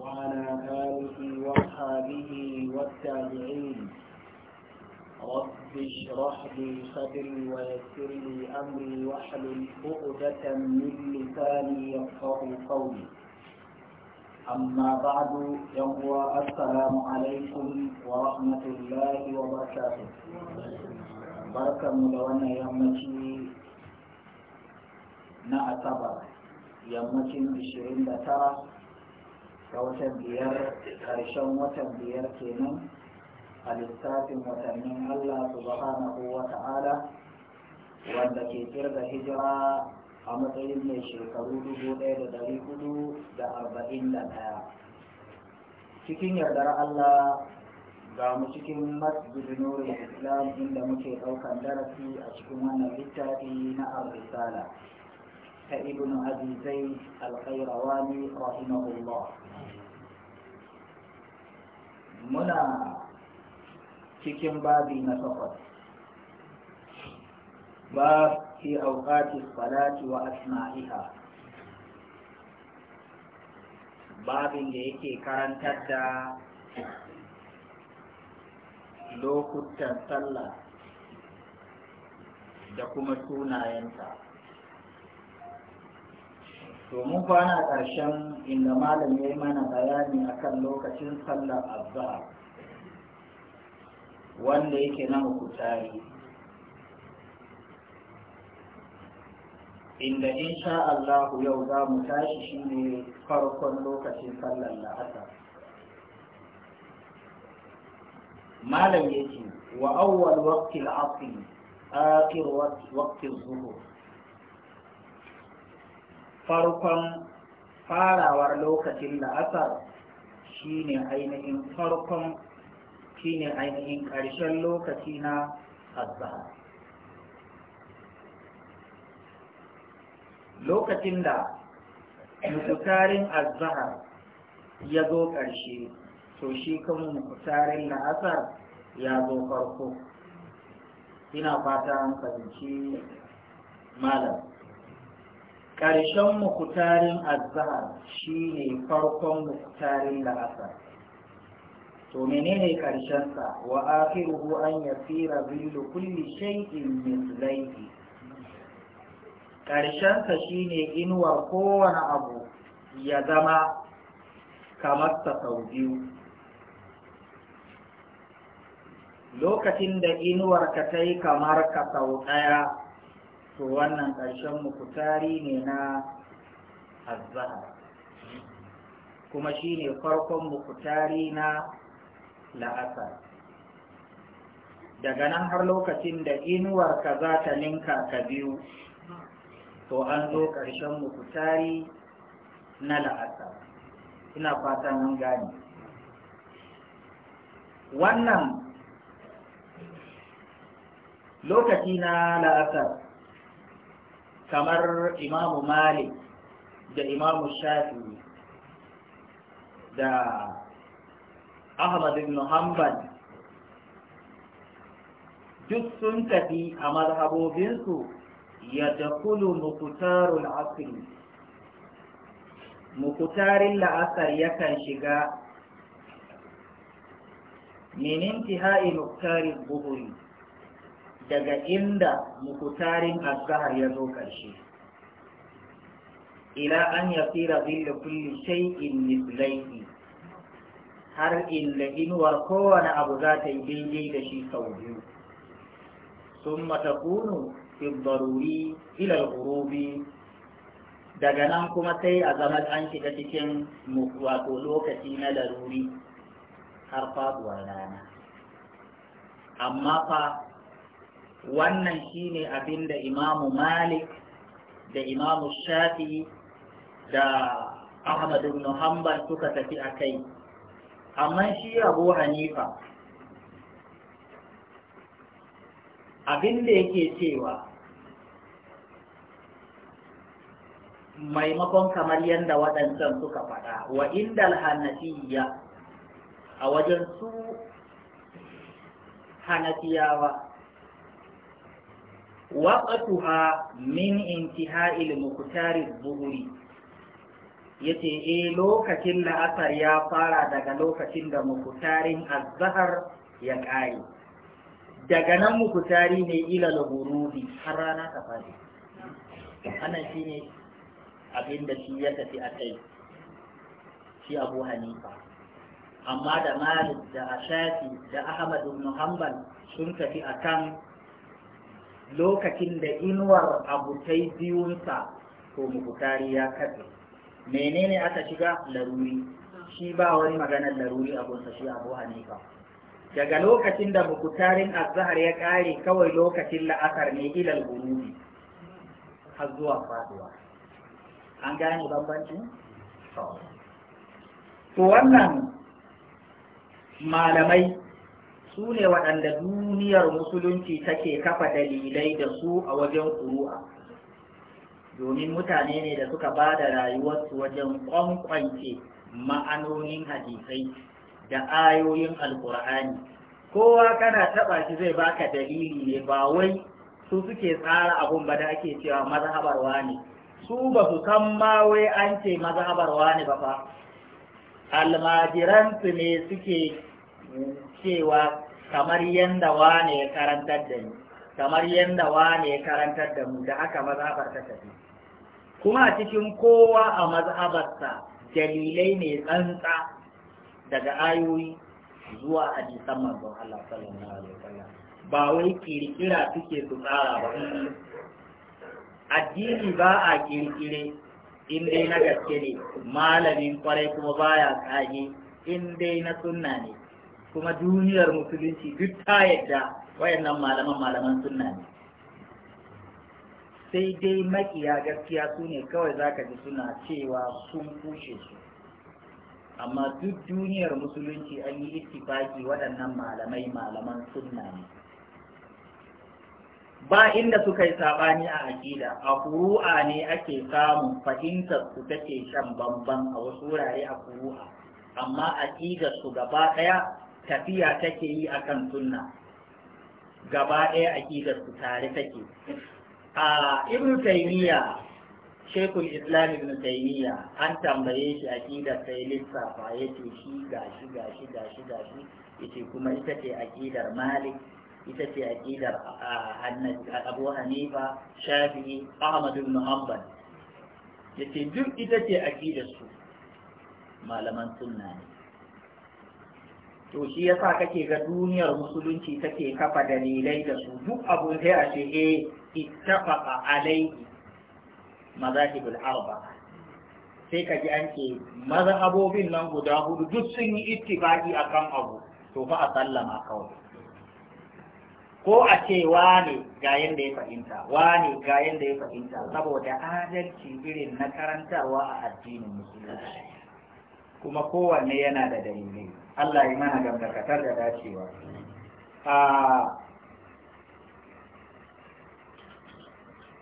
وعلى آله وأصحابه والتابعين رب اشرح لي صدري ويسر لي أمري واحلل عقدة من لساني يفقه قولي أما بعد يقوى السلام عليكم ورحمة الله وبركاته بركة مدونة يمتي نعتبر يمتي 29 a watan biyar ƙarshen watan biyar kenan a lissafin watannin Allah subhanahu wa ta'ala wanda ke kirga hijira a matsayin mai shekaru dubu ɗaya da ɗari hudu da arba'in da ɗaya cikin yardar Allah ga mu cikin masjid nuri islam inda muke ɗaukan darasi a cikin wannan littafi na al-risala ابن أبي زيد الخيرواني رحمه الله منا cikin babi na takwas ba fi auqati salati wa asma'iha babin da yake karantar da lokutan sallah da kuma sunayenta domin kwana ƙarshen inda malam ya yi mana bayani akan lokacin sallar azhar wanda yake na yi. inda insha Allahu yau za mu tashi shi ne farkon lokacin sallar la'asar malam yake wa awwal waqti al-'asr akhir zuhu. farkon farawar lokacin la'asar shine ainihin farkon shine ainihin ƙarshen lokaci na azhar lokacin da mukutarin azhar ya zo ƙarshe to shi kuma mukutarin la'asar ya zo farko ina fata an fahimci malam ƙarshen mukutarin azhar ne farkon mukutarin la'asar to menene ƙarshensa wa akhiruhu an yasira zilu kulli shay'in mislaihi ƙarshensa ne inuwar kowane abu ya zama kamar ta sau biyu lokacin da inuwar ka ta yi kamar ka sau ɗaya to wannan ƙarshen mukutari ne na azhar kuma shine farkon mukutari na la'asar daga nan har lokacin da inuwarka za ta ninka ka biyu to an zo ƙarshen mukutari na la'asar ina fatan an gane wannan lokaci na la'asar kamar imamu malik da imamu shafi da ahmad ibn hanbal duk sun tafi a mazhabobinsu ya dakulu mukutarul asiri mukutarin la'asar yakan shiga min intihai muktarin buhuri daga inda mukutarin azhar ya zo ƙarshe ila an yasira zilla kulli shay'in mislaihi har inda inuwar kowane abu za ta yi daidai da shi sau biyu Sun takunu fi daruri ila al daga nan kuma sai a zama an shiga cikin wato lokaci na daruri har faduwar rana amma fa wannan shine abinda imamu malik da imamu shafi da Ahmadu Muhammad suka tafi a kai amma shi abu hanifa abinda yake cewa maimakon kamar yadda waɗancan suka faɗa wa inda hanafiya a wajen su hanafiyawa waqtuha min intiha'il muqtari dhuhri yace eh lokacin la'asar ya fara daga lokacin da muqtarin Azahar ya ƙare, daga nan muqtari ne ila al har rana ta fadi wannan shine abin da shi ya tafi a kai shi Abu Hanifa amma da Malik da Ashafi da Ahmad ibn Hanbal sun tafi a kan. lokacin da inuwar abu abutai biyunsa to mukutari ya katse menene aka shiga laruri shi ba wani maganar laruri abunsa shi abu hanifa daga lokacin da mukutarin azahar ya kare kawai lokacin la'asar ne ilal gurubi har zuwa faduwa an gane bambancin to wannan malamai su ne waɗanda duniyar musulunci take kafa dalilai da su a wajen ƙuru'a domin mutane ne da suka ba da rayuwarsu wajen ƙwanƙwance ma'anonin hadisai da ayoyin alƙur'ani kowa kana taɓa shi zai baka dalili ne ba wai su suke tsara abun ba da ake cewa mazhabarwa ne su ba su san ma wai an ce mazhabarwa ne ba fa almajiransu ne suke cewa kamar yanda wane ya karantar da ni kamar yanda wane ya karantar da mu da aka mazhabar ta tafi kuma a cikin kowa a mazhabarsa dalilai ne tsantsa daga ayoyi zuwa hadisan manzon Allah sallallahu alaihi wasallam ba wai kirkira suke su tsara ba addini ba a kirkire in dai na gaske ne malamin kwarai kuma baya kage in dai na sunna ne kuma duniyar musulunci duk ta yadda wayannan malaman malaman sunna ne sai dai makiya gaskiya su ne kawai za ji suna cewa sun kushe su amma duk duniyar musulunci an yi ittifaki waɗannan malamai malaman sunna ne ba inda suka yi sabani a aƙida a kuru'a ne ake samun fahimtar su take shan bamban a wasu wurare a kuru'a amma aƙidar su gaba ɗaya tafiya take yi akan sunna gaba ɗaya aqidar su tare take a ibn taymiya shekul islam ibn taymiya an tambaye shi aqidar sai lissafa ce shi gashi gashi gashi gashi yace kuma ita ce aqidar malik ita ce aƙidar abu hanifa shafi'i ahmad ibn hanbal ce duk ita ce aƙidar su malaman sunna ne to shi yasa kake ga duniyar musulunci take kafa dalilai da su duk abu sai a ce e ittafaqa alaihi mazahibul arba sai ka ji an ce mazhabobin nan guda hudu duk sun yi ittifaqi akan abu to fa a sallama kawai ko a ce wane ga yanda ya fahimta wane ga yanda ya fahimta saboda adalci irin na karantarwa a addinin musulunci kuma kowanne yana da dalili Allah yi mana gamdakatar da dacewa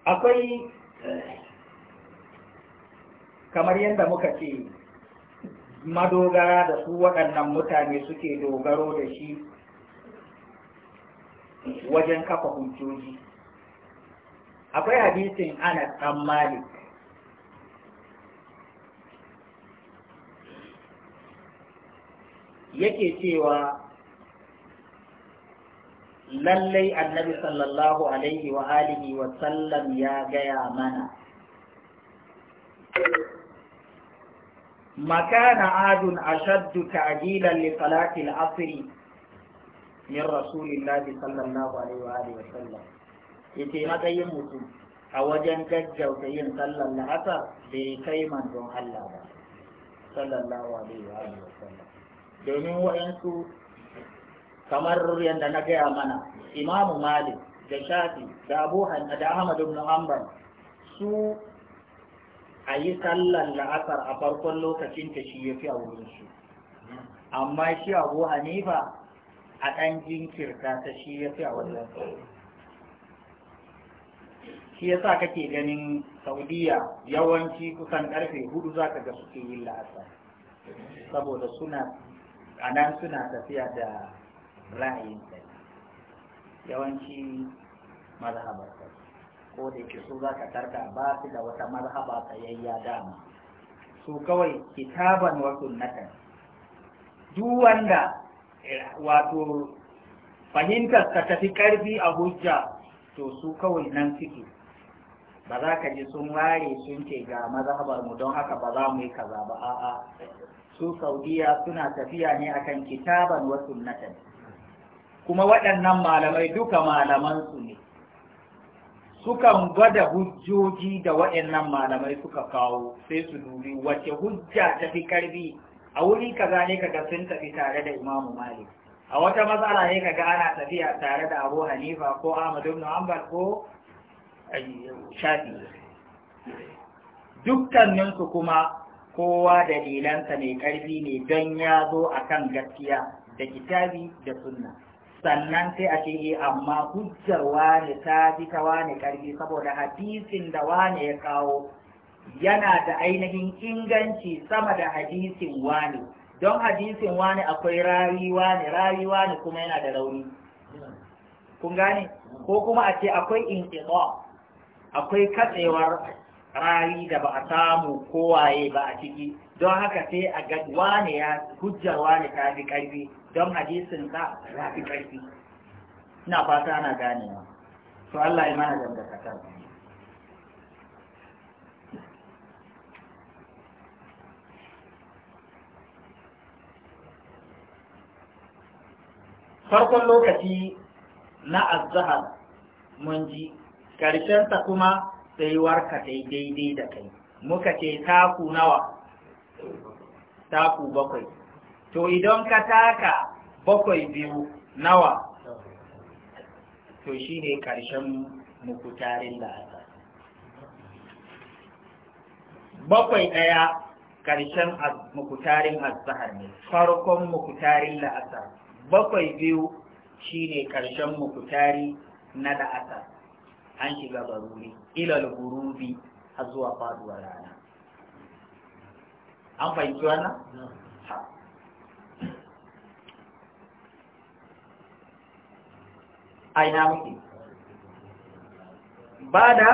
akwai kamar yadda muka ce madogara da su waɗannan mutane suke dogaro da shi wajen kafa hujjoji akwai hadisin anas ɗan malik yake cewa lallai annabi sallallahu alaihi wa alihi wa sallam ya gaya mana makana adun ashaddu ta'jilan li salati al-asr min rasulillahi sallallahu alaihi wa alihi wa sallam yace matsayin mutum a wajen gaggauta yin sallar la'asar bai kai manzon Allah ba sallallahu alaihi wa alihi wa sallam domin wayansu, kamar yadda na gaya mana imamu malik da shafi da abu da ahmad ibn hanbal su a yi sallar la'asar a farkon lokacin ta shi ya fi a wurinsu amma shi abu hanifa a ɗan jinkirta ta shi ya fi a wannan shi ya sa kake ganin saudiya yawanci kusan ƙarfe hudu za ka ga suke yin la'asar saboda suna a suna tafiya da ra'ayin kai yawanci mazhabar ta. ko da yake su zaka tarka ba su da wata mazhaba tsayayya dama su kawai kitaban wa sunnatan duk wanda eh, wato fahimtar ka tafi karfi a hujja to su kawai nan suke ba za ka ji sun ware sun ce ga mazhabar mu don haka ba za mu yi kaza ba a'a su saudiya suna tafiya ne akan kitaban wa sunnatan kuma waɗannan malamai duka malaman su ne sukan gwada hujjoji da waɗannan malamai suka kawo sai su dubi wace hujja ta fi karbi a wuri kaza ne kaga sun tafi tare da imamu malik a wata matsala ne kaga ana tafiya tare da abu hanifa ko ahmad ibn hanbal ko shafi dukkaninsu kuma kowa dalilansa mai ƙarfi ne don ya zo a kan gaskiya da kitabi da sunna sannan sai a ce eh, amma hujjar wane ta fi ta wane ƙarfi saboda hadisin da wane ya kawo yana da ainihin inganci sama da hadisin wane don hadisin wane akwai rawi wane rawi ne kuma yana da rauni kun gane ko kuma a ce akwai inqita akwai katsewar rari da ba a samu kowaye ba a ciki don haka sai a ga wane ya hujjar wane ta fi ƙarfi don hadisin ka ya fi ƙarfi ina fata ana ganewa to Allah ya mana dangantakar farkon lokaci na azahar mun ji ta kuma saiwarka ta yi daidai da kai muka ce taku nawa taku bakwai to idan ka taka bakwai biyu nawa to shi ne ƙarshen mukutarin la'asa bakwai ɗaya ƙarshen mukutarin azahar ne farkon mukutarin la'asa bakwai biyu shi ne ƙarshen mukutari na la'asa an shiga baruri ilal gurubi har zuwa faduwar rana an fahimci wannan aina muke ba da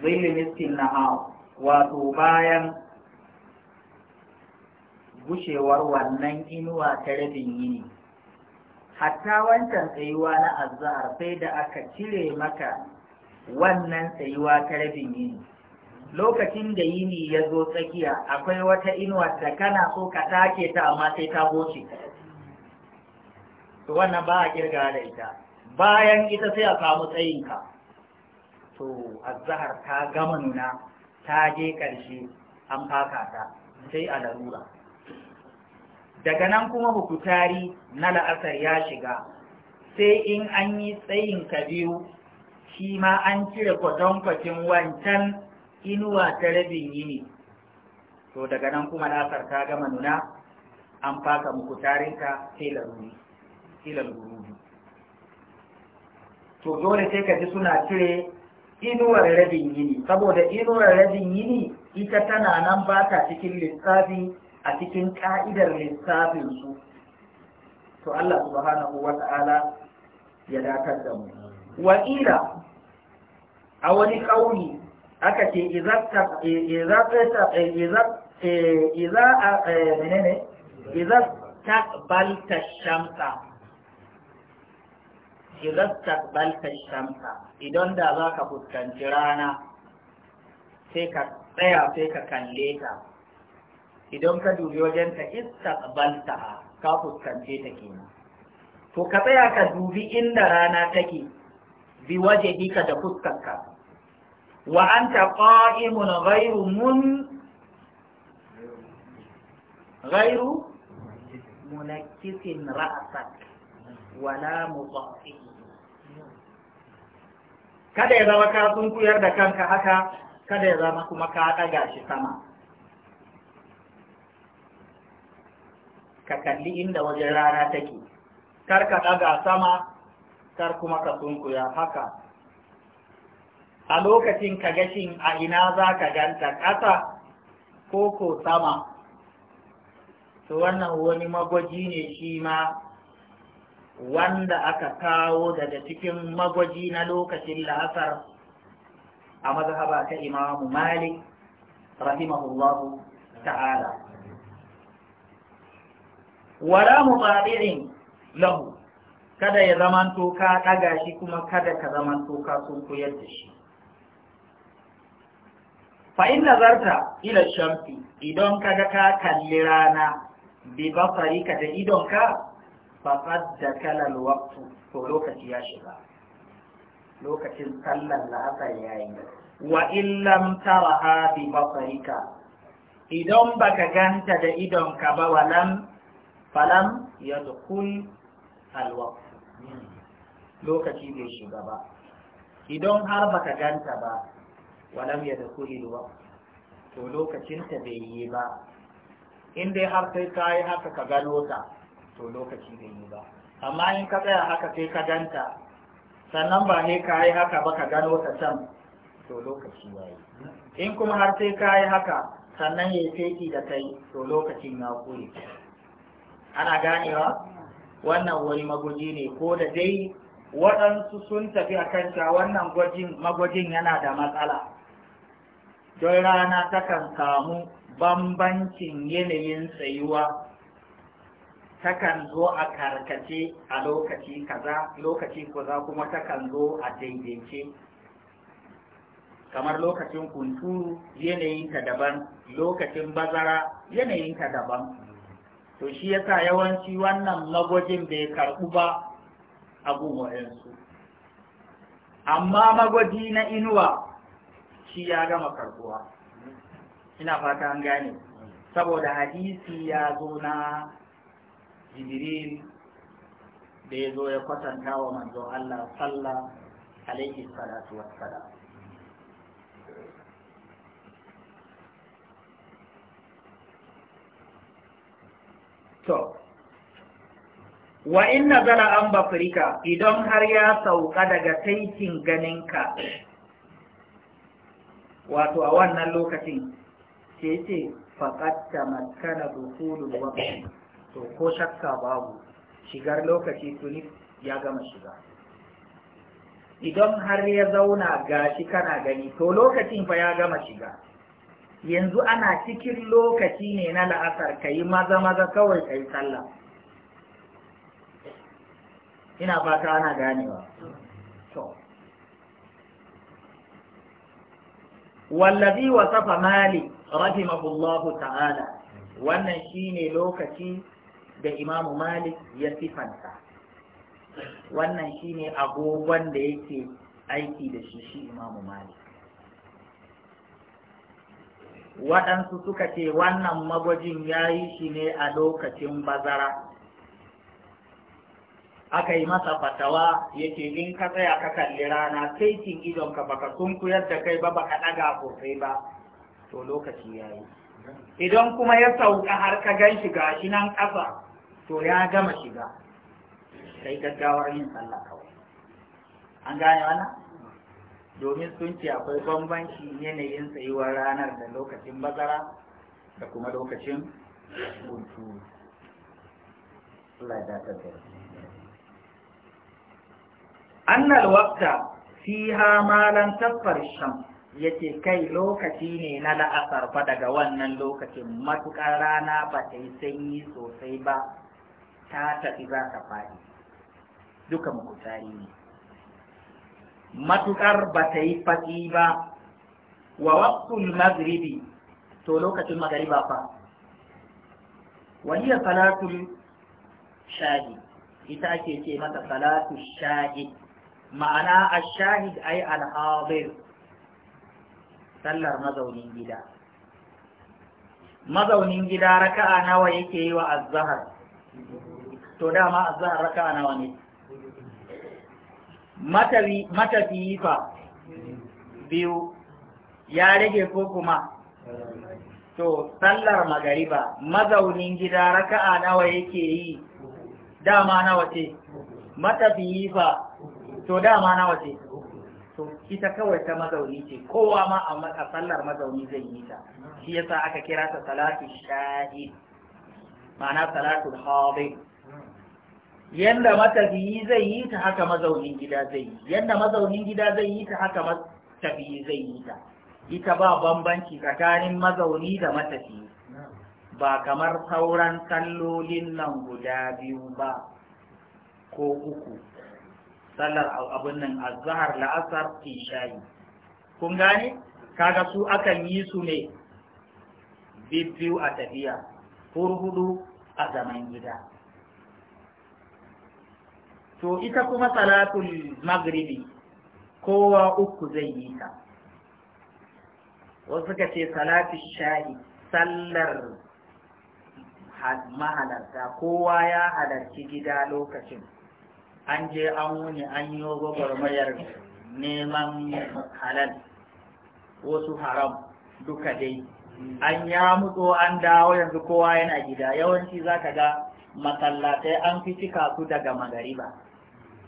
zilimistin na wato bayan gushewar wannan inuwa ta rabin yini hatta wancan tsayuwa na azhar sai da aka cire maka wannan tsayuwa ta rabin yini lokacin da yini ya zo tsakiya akwai wata inuwa da kana so ka take ta amma sai ta goce to wannan ba a kirga da ita bayan ita sai a samu tsayinka to azhar ta gama nuna ta je ƙarshe an faka ta sai a larura daga nan kuma hukutari na la'asar ya shiga sai in an yi tsayin kabi'u, shi ma an cire kwatankwacin wancan inuwa ta rabin yini to daga nan kuma la'asar ta gama nuna an faka mukutarinka sai larurubi to dole sai ka ji suna cire inuwar rabin yini saboda inuwar rabin yini ita tana nan ba ta cikin lissafi a cikin ka'idar lissafin to Allah subhanahu wa ta'ala ya datar da mu wa'ila a wani ƙauni aka ce eh, idan da za ka fuskanci rana sai ka tsaya sai ka kalle ta idan ka dubi wajen ta istaqbalta ka fuskance ta kenan to ka tsaya ka dubi inda rana take bi waje dika da fuskarka wa anta qa'imun ghayru mun ghayru munakkisin ra'sak wala mutahhi kada ya zama ka sunkuyar da kanka haka kada ya zama kuma ka ɗaga shi sama ka kalli inda wajen rana take kar ka daga sama kar kuma ka sunkuya haka a lokacin ka gashin a ina za ka ganta ƙasa ko ko sama to wannan wani magwaji ne shi ma wanda aka kawo daga cikin magwaji na lokacin la'asar a mazhaba ta imamu malik rahimahullahu ta'ala wala mubadirin lahu kada ya zamanto ka ɗaga shi kuma kada ka zamanto ka sun koyar da shi fa'in nazarta ila shamfi idan kaga ka kalli rana bi basarika da idon ka, fa da kalal waktu to lokaci ya shiga lokacin sallar la'asar ya yi wa illam taraha bi basarika idan baka ganta da idon ka ba walan. falam ya dukul alwaqf lokaci bai shiga ba idan har baka ganta ba walam ya dukul alwaqf to lokacin ta bai yi ba in dai har sai ka yi haka ka gano ta to lokaci bai yi ba amma in ka tsaya haka sai ka ganta sannan ba ne ka yi haka ba ka gano ta can to lokaci ya yi in kuma har sai ka yi haka sannan ya yi da kai to lokacin ya kuri. ana ganewa wannan wani magwaji ne ko da dai waɗansu sun tafi a kan wannan magwajin yana da matsala don rana takan samu bambancin yanayin tsayuwa takan zo a karkace a lokaci kaza lokaci kaza kuma takan zo a daidaice kamar lokacin kunturu yanayinka daban lokacin bazara yanayinka daban to shi yasa yawanci wannan magwajin bai karɓu ba a gumayensu amma magwaji na inuwa shi ya gama karɓuwa ina fata an gane saboda hadisi ya zo na jibril da ya zo ya kwatanta wa manzon Allah sallah alaihi salatu wassalam to wa in nazala an bafirika idan har ya sauka daga taikin ganinka wato a wannan lokacin ce ce faƙatta makana dukulun wakil to ko shakka babu shigar lokaci tuni ya gama shiga idan har ya zauna gashi kana gani to lokacin fa ya gama shiga yanzu ana cikin lokaci ne na la'asar ka yi maza maza kawai ka yi sallah ina fata ana ganewa to wallazi safa mali rahimahullahu ta'ala wannan shine lokaci da imamu malik ya sifanta wannan shine agogon da yake aiki da shi shi imamu malik waɗansu suka ce wannan magwajin ya yi shi ne a lokacin bazara aka yi masa fatawa yake in ka tsaya ka kalli rana sai cin idonka baka sunkuyar da kai ba baka ɗaga sosai ba to lokaci ya yi idan kuma ya sauka har ka gan shiga shi nan ƙasa to ya gama shiga sai gaggawar yin sallah kawai an gane wannan domin sun ce akwai bambanci yanayin tsayuwar ranar da lokacin bazara da kuma lokacin hunturu annal waqta fiha ma lan tafar sham yace kai lokaci ne na la'asar fa daga wannan lokacin matukar rana ba ta yi sanyi sosai ba ta tafi za ta faɗi duka mukutari ne matuƙar ba ta yi fatsi ba wa waqtul magribi to lokacin magariba fa waliyar salatul shahi ita ake ce mata salatul shahid ma'ana a shahid ai al sallar mazaunin gida mazaunin gida raka'a nawa yake yi wa azzahar? to dama azzahar raka'a nawa ne yi fa biyu ya rage ko kuma to sallar magariba mazaunin gida raka'a nawa yake yi dama nawa ce yi fa to dama nawa ce to ita kawai ta mazauni ce kowa ma a sallar mazauni zai yi ta shi yasa aka kira ta salatu shahid ma'ana salatu hadir yanda matafiyi zai yi ta haka mazaunin gida zai yi yanda mazaunin gida zai yi ta haka matafiyi zai yi ta ita ba bambanci tsakanin mazauni da matafiyi ba kamar sauran kallolin nan guda biyu ba ko uku sallar abin nan azhar la'asar isha'i kun gane kaga su akan yi su ne bibbiyu a tafiya hurhudu a zaman gida to ita kuma salatul magribi kowa uku zai yi ta wasu ka ce salatul sha'i sallar mahalarta kowa ya halarci gida lokacin an je an wuni an yi gwagwarmayar neman halal wasu haram duka dai an ya mutu an dawo yanzu kowa yana gida yawanci za ka ga masallatai an fi cika su daga magariba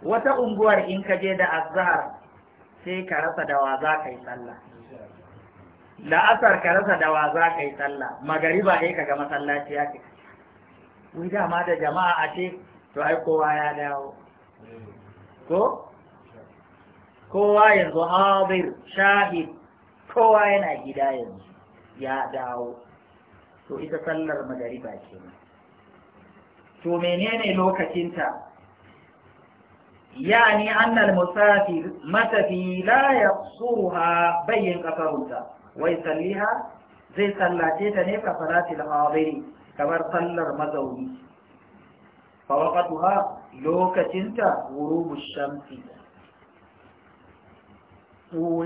wata unguwar in ka je da azhar sai ka rasa da wa za ka yi sallah la'asar ka rasa da wa za ka yi sallah magariba ne ka ga masallaci ya cika wai dama da jama'a a ce to ai kowa ya dawo ko kowa yanzu hadir shahid kowa yana gida yanzu ya dawo to ita sallar magariba ce to menene lokacinta yani annal musafir matafi la yaqsuruha bayyin qafarunta wai salliha zai sallace ta ne ka salatil hadiri kamar sallar mazauni fa waqtuha lokacinta ghurubu shamsi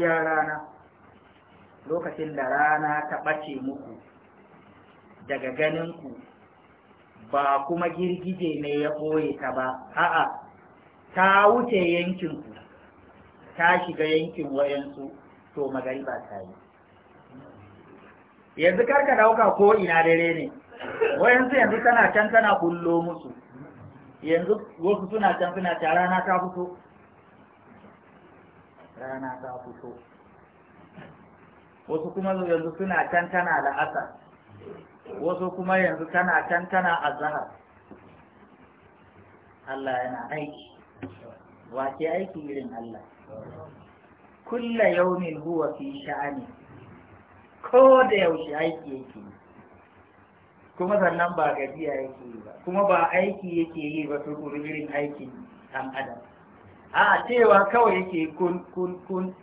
ya rana lokacin da rana ta ɓace muku daga ganin ku. ba kuma girgije ne ya ɓoye ta ba a'a ta wuce yankin ku ta shiga yankin wayansu to ba ta yi yanzu karka dauka ko ina dare ne wayansu yanzu tana can tana kullo musu yanzu wasu suna can suna ta rana ta fito rana ta fito wasu kuma yanzu suna can tana la'asar wasu kuma yanzu tana can tana azahar Allah yana aiki wace aiki irin Allah kulla yaumin huwa fi sha'ani ko da yaushe aiki yake yi kuma sannan ba gajiya yake yi ba kuma ba aiki yake yi ba tukuru irin aikin dan adam a cewa kawai yake kun kun kun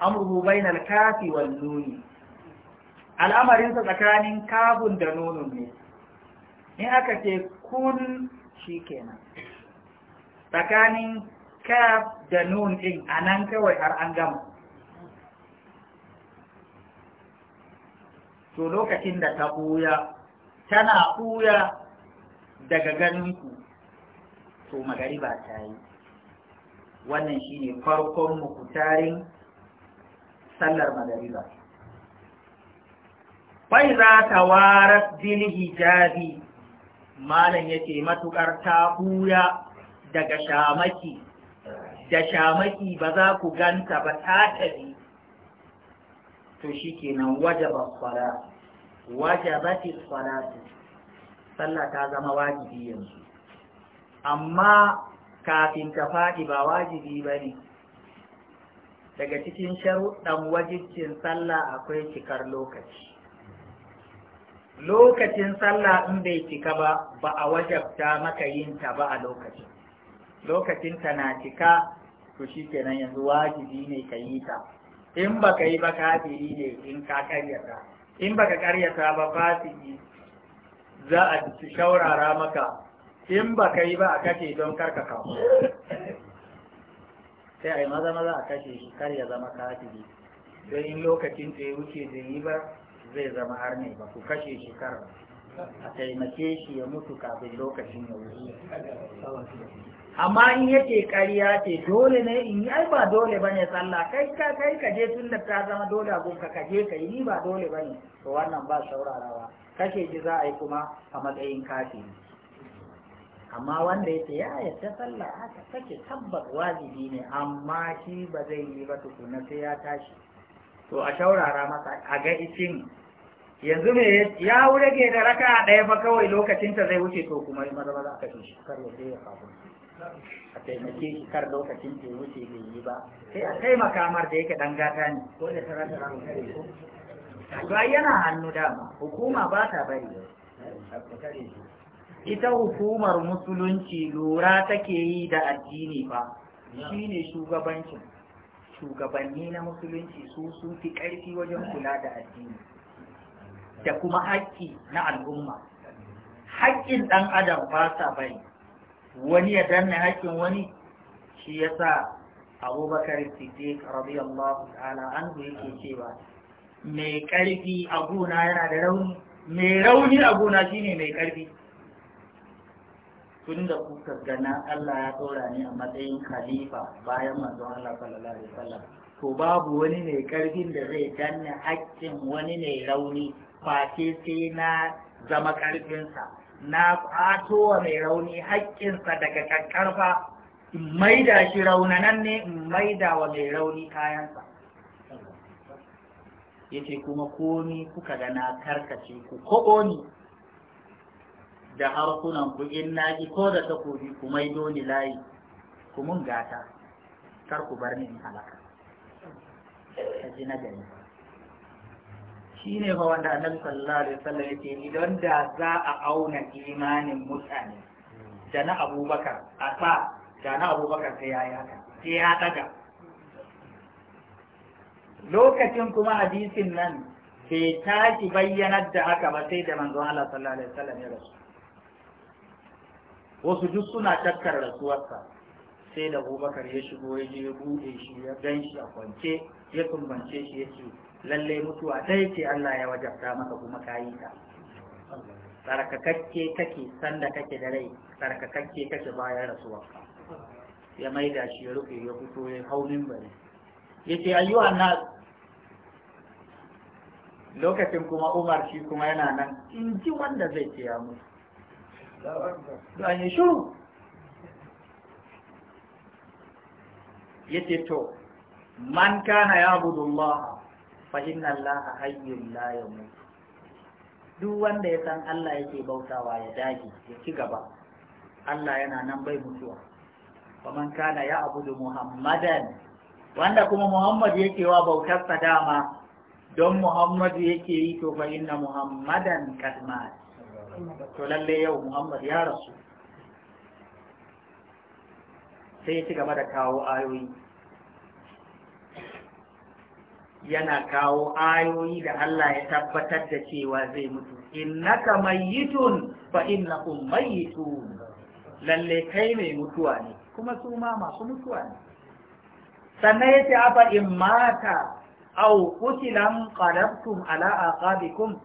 amruhu bainal kafi wal nuni sa tsakanin kafin da nunun ne in aka ce kun shikenan tsakanin kaf da nun ɗin a nan kawai har an gama to lokacin da ta ɓuya tana ɓuya daga ganinku to magariba ta yi wannan shine farkon mukutarin sallar magariba fai za ta wara bil hijabi malam yake matuƙar ta ɓuya daga shamaki da shamaki ba za ku ganta ba ta tare to shi kenan wajaba fara wajabati su. sallah ta zama wajibi yanzu amma kafin ta faɗi ba wajibi ba ne daga cikin sharuɗan wajibcin sallah akwai cikar lokaci lokacin sallah in bai cika ba ba a wajabta maka yinta ba a lokacin lokacin ta na cika to shi kenan yanzu wajibi ne ka yi ta in ba ka yi ba kafiri ne in ka karyata in ba ka karyata ba fasiki za a shaurara maka in ba ka yi ba a kashe don karka kawo sai a yi maza maza a kashe shi kar ya zama kafiri don in lokacin da ya wuce da yi ba zai zama har ne ba ku kashe shi kar a taimake shi ya mutu kafin lokacin ya wuce amma in yake ƙarya ce dole ne in yi ai ba dole ba ne sallah kai ka kai ka je tun da ta zama dole abun ka kaje ka yi ni ba dole ba ne to wannan ba shaurarawa kashe ji za a yi kuma a matsayin kafiri amma wanda yake ya ta sallah haka kake tabbat wajibi ne amma shi ba zai yi ba tukuna sai ya tashi to a shaurara masa a ga ishin, yanzu me ya wurage da raka ɗaya fa kawai lokacinta zai wuce to kuma maza maza aka shi kar yadda ya kafin a taimake shi kar lokacin ke wuce bai yi ba sai a taimaka mar da yake dan gata ne ko da tara tara kare ko to yana hannu dama hukuma ba ta bari ita hukumar musulunci lura take yi da addini ba shine shugabancin shugabanni na musulunci su sun fi ƙarfi wajen kula da addini da kuma haƙƙi na al'umma haƙƙin ɗan adam ba sa bari wani ya danne haƙƙin wani shi yasa abubakar siddiq radiyallahu ta'ala anhu yake cewa mai ƙarfi a gona yana da rauni mai rauni a gona shine mai ƙarfi tun da kuka gana Allah ya tsora ni a matsayin khalifa bayan manzon Allah sallallahu alaihi wasallam to babu wani mai ƙarfin da zai danne haƙƙin wani mai rauni face sai na zama ƙarfinsa na ƙwato wa mai rauni haƙƙinsa daga ƙaƙƙarfa in maida shi raunanan ne in maida wa mai rauni kayansa ya ce kuma komi kuka ga na karkace ku koɓo ni da harkunan ku in na ji ko da takobi ku maido ni layi ku mun gata kar ku bar ni halaka ta ji na gani shi ne fa wanda annabi sallallahu alaihi wasallam yake don da za a auna imanin mutane da na abubakar a sa da na abubakar sai ya yi haka sai ya daga lokacin kuma hadisin nan bai ki bayyanar da haka ba sai da manzon Allah sallallahu alaihi wasallam ya rasu wasu duk suna takkar rasuwarsa sai da abubakar ya shigo ya je ya buɗe shi ya gan shi a kwance ya tumbance shi ya ce lalle mutuwa ta ce Allah ya wajabta maka kuma kayi ta tsarkakakke kake sanda kake da rai tsarkakakke kake bayan rasuwarka ya maida shi ya rufe ya fito ya haunin mimbari ya ce ayyuwa na lokacin kuma umar shi kuma yana nan in ji wanda zai ce ya mutu an yi shuru ya ce to man kana ya abudullah fahimna Allah, allaha hayyun la duk wanda ya san Allah yake bautawa ya dage ya ci gaba Allah yana nan bai mutuwa faman kana ya abudu muhammadan wanda kuma muhammad yake wa bautar sa dama don muhammad yake yi to fa inna muhammadan kad to lalle yau muhammad ya rasu sai ya ci gaba da kawo ayoyi yana kawo ayoyi da Allah ya tabbatar da cewa zai mutu innaka mayyitun fa innakum mayyitun lalle kai mai mutuwa ne kuma su ma masu mutuwa ne sannan yace afa in mata aw qutilan ala aqabikum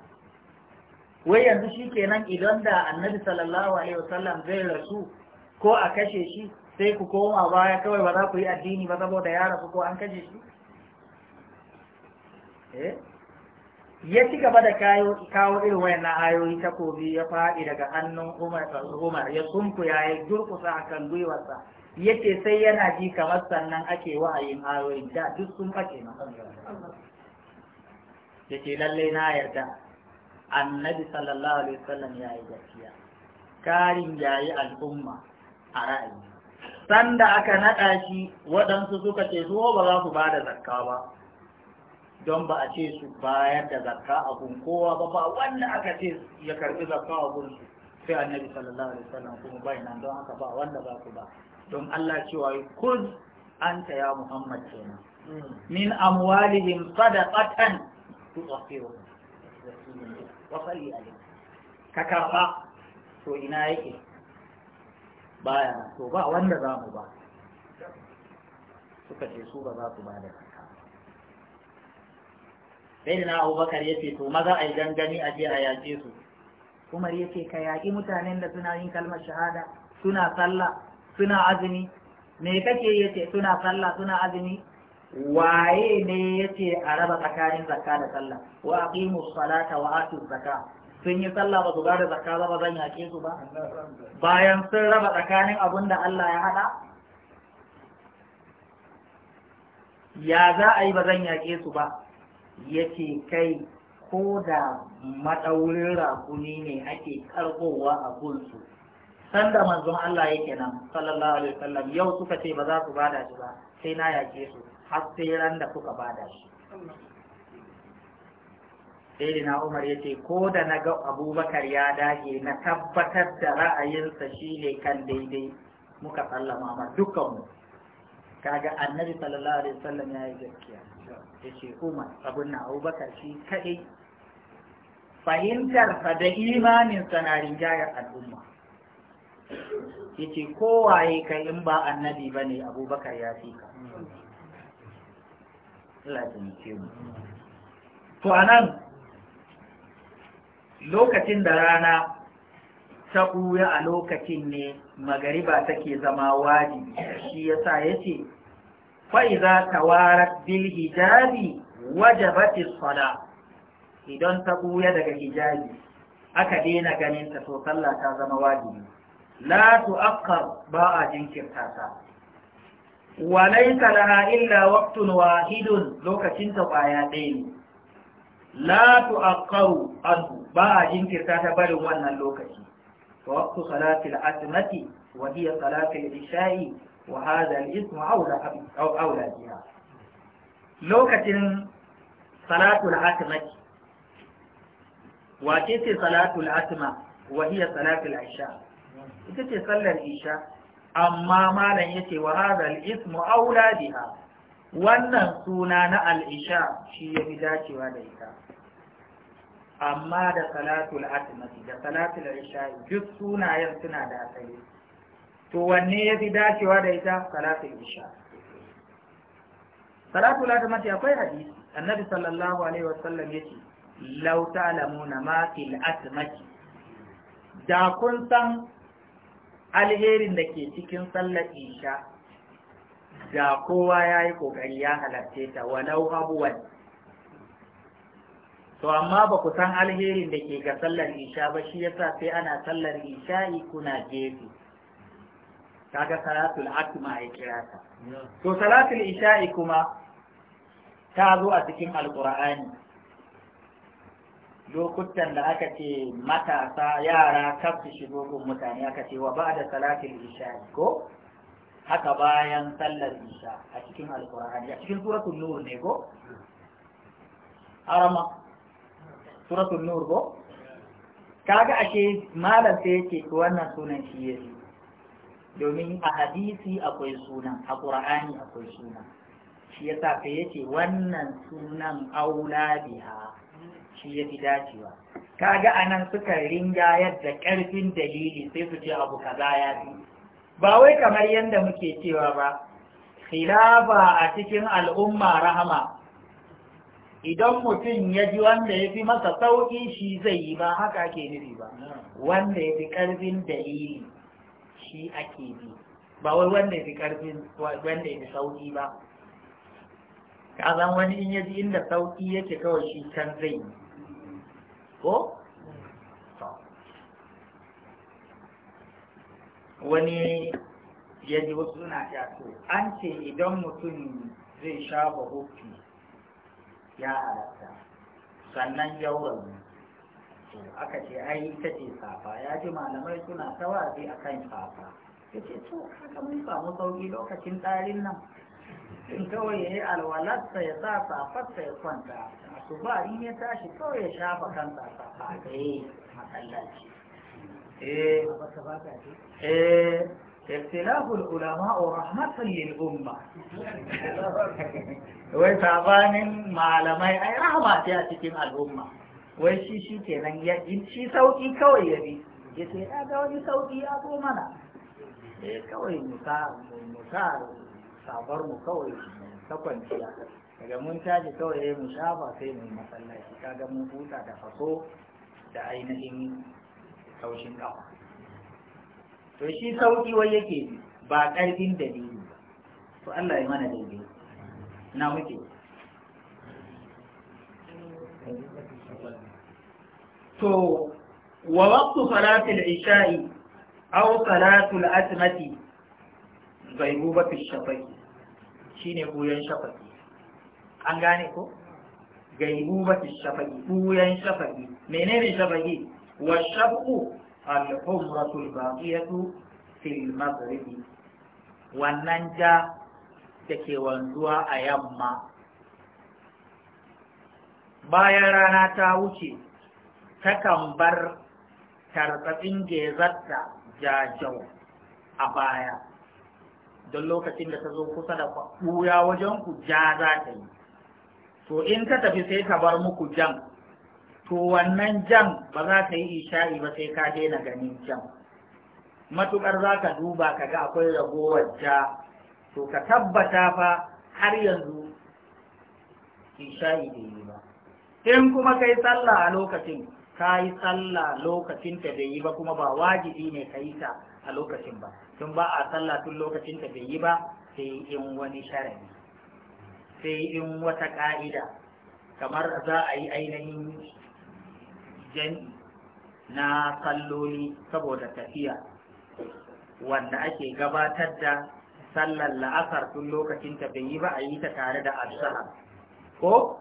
wai yanzu shikenan idan da annabi sallallahu alaihi wasallam zai rasu ko a kashe shi sai ku koma baya kawai ba za ku yi addini ba saboda ya rasu ko an kashe shi Eh? ya ci gaba da kawo irin na ayoyi takobi ya faɗi daga hannun umar ya sunku ya yi durkusa a kan gwiwarsa ya ce sai yana ji kamar sannan ake wa'ayin ayoyi da duk sun fake ma ya ce lalle na yarda annabi sallallahu alaihi wasallam ya yi gaskiya karin ya yi al'umma a ra'ayi sanda aka naɗa shi waɗansu suka ce su ba za su ba da zakka ba don ba a ce su bayar da zakka a gun kowa ba ba wanda aka ce ya karbi zakka a gun su sai annabi sallallahu alaihi wasallam kuma bai nan don haka ba wanda ba ku ba don Allah cewa kun anta ya Muhammad kenan min amwalihim sadaqatan tuqfiru wa salli alaihi ka karba to ina yake baya to ba wanda za mu ba suka ce su ba za su ba da sai na abubakar ya ce to maza a yi gangani a je a yaƙe su umar ya ce ka yaƙi mutanen da suna yin kalmar shahada suna sallah suna azumi me kake ya ce suna sallah suna azumi waye ne ya ce a raba tsakanin zakka da sallah wa aqimu salata wa atu zakka sun yi sallah ba su ba da zakka ba zan yaƙe su ba bayan sun raba tsakanin abin da Allah ya haɗa ya za a yi ba zan yaƙe su ba yake kai ko da maɗaurin rakuni ne ake karɓowa a gunsu sanda manzon Allah yake nan sallallahu alaihi wasallam yau suka ce ba za su bada shi ba sai na yake su har sai ran da suka bada shi sai na Umar ya ko da na ga Abubakar ya dage na tabbatar da ra'ayinsa shine kan daidai muka sallama ma dukkanmu kaga annabi sallallahu alaihi wasallam ya yi gaskiya ya ce umar abun na abubakar shi kaɗai fahimtar fa da imanin sanarin jayar al'umma ya ce kowaye kai in ba annabi ba ne abubakar ya fi ka to a lokacin da rana ta ɓuya a lokacin ne magariba take zama wajibi shi yasa yace fa ta tawarat bil hijabi wajabat as idan ta ɓuya daga hijabi aka daina ganin ta to sallah ta zama wajibi la tu'akkar ba a jinkirta ta wa laysa laha illa waqtun wahidun lokacin ta baya ɗaya ne la tu'akkaru an ba a jinkirta ta barin wannan lokaci ووقت صلاة العتمة وهي صلاة العشاء وهذا الاسم أولى أو أولى بها لوكة صلاة العتمة وكيف صلاة العتمة وهي صلاة العشاء إذا صلى العشاء أما ما لن يتي وهذا الاسم أولى بها wannan suna na al'isha shi ya fi dacewa da ita amma da salatul atmati da salatul isha'i duk sunayen suna da asali to wanne ya fi dacewa da ita salatul isha salatul atmati akwai hadisi annabi sallallahu alaihi wasallam yace law ta'lamuna ma fil atmati da kun san alherin da ke cikin sallar isha da kowa yayi kokari ya halarce ta walau abuwan to amma ba ku san alherin da ke ga sallar isha ba shi yasa sai ana sallar isha'i kuna gefe kaga salatul atma ya kira ta to salatul isha'i kuma ta zo a cikin alqur'ani lokutan da aka ce matasa yara kaf su shigo gun mutane aka ce wa ba'da salatul isha'i ko haka bayan sallar isha a cikin alqur'ani a cikin suratul nur ne ko arama suratul nur ko kaga ashe malam sai yake to wannan sunan shi yake domin a hadisi akwai suna a qur'ani akwai suna shi yasa sai yake wannan sunan aula biha shi ya fi dacewa kaga anan suka ringa yadda karfin dalili sai su ce abu kaza ya fi ba wai kamar yadda muke cewa ba khilafa a cikin al'umma rahama idan mutum ya ji wanda ya fi masa sauƙi shi zai yi ba haka ake nufi ba wanda ya fi ƙarfin dalili shi ake bi ba wai wanda ya fi ƙarfin wanda ya fi sauƙi ba kazan wani in ya ji inda sauƙi yake kawai shi can zai yi ko? wani ya ji wasu suna ce an ce idan mutum zai shafa hukunci ya halatta sannan To aka ce ai ita ce safa ya ji malamai suna a kan safa ya ce to haka mun samu sauki lokacin tsarin nan kawai ya yi alwalarsa ya sa safarsa ya kwanta su ba in ya tashi kawai ya shafa kansa safa a eh, tsaye masallaci eh eh اختلاف العلماء رحمة للأمة وسابان معلماء أي رحمة تأتي الأمة ويشي شي كنان يجين شي سوقي كوي يبي يسي ya ga wani أبو منا كوي mana eh kawai مكوي sa mu kaga sabar mu kawai mun tashi kawai mu shafa sai mu masallaci kaga mun huta da faso da ainihin kaushin kafa to shi sauki wai yake ba ƙarfin dalili ba to Allah ya mana daidai na muke to wa waqtu salatil isha'i aw salatul asmati ghaibubatu shafaqi shine buyan shafaqi an gane ko ghaibubatu shafaqi buyan shafaqi menene shafaqi wa shafqu ya baqiyatu fil maghribi wannan ja da ke wanzuwa a yamma bayan rana ta wuce takan bar tarbatsin gezarta jajau a baya don lokacin da ta zo kusa da ɓuya wajen ku ja za ta yi to in ka tafi sai ka bar muku jan to wannan jan ba za ka yi isha'i ba sai ka daina ganin jan matukar za ka duba ka ga akwai ragowar ja to ka tabbata fa har yanzu isha'i da yi ba in kuma ka yi sallah a lokacin ka yi sallah lokacin ta bai yi ba kuma ba wajibi ne ka yi ta a lokacin ba tun ba a sallah tun lokacin ta bai yi ba sai in wani sharari. sai in wata ka'ida kamar za a yi ainihin jami'i na kalloli saboda tafiya wanda ake gabatar da sallar la'asar tun lokacin ta bai yi ba a yi ta tare da azhar ko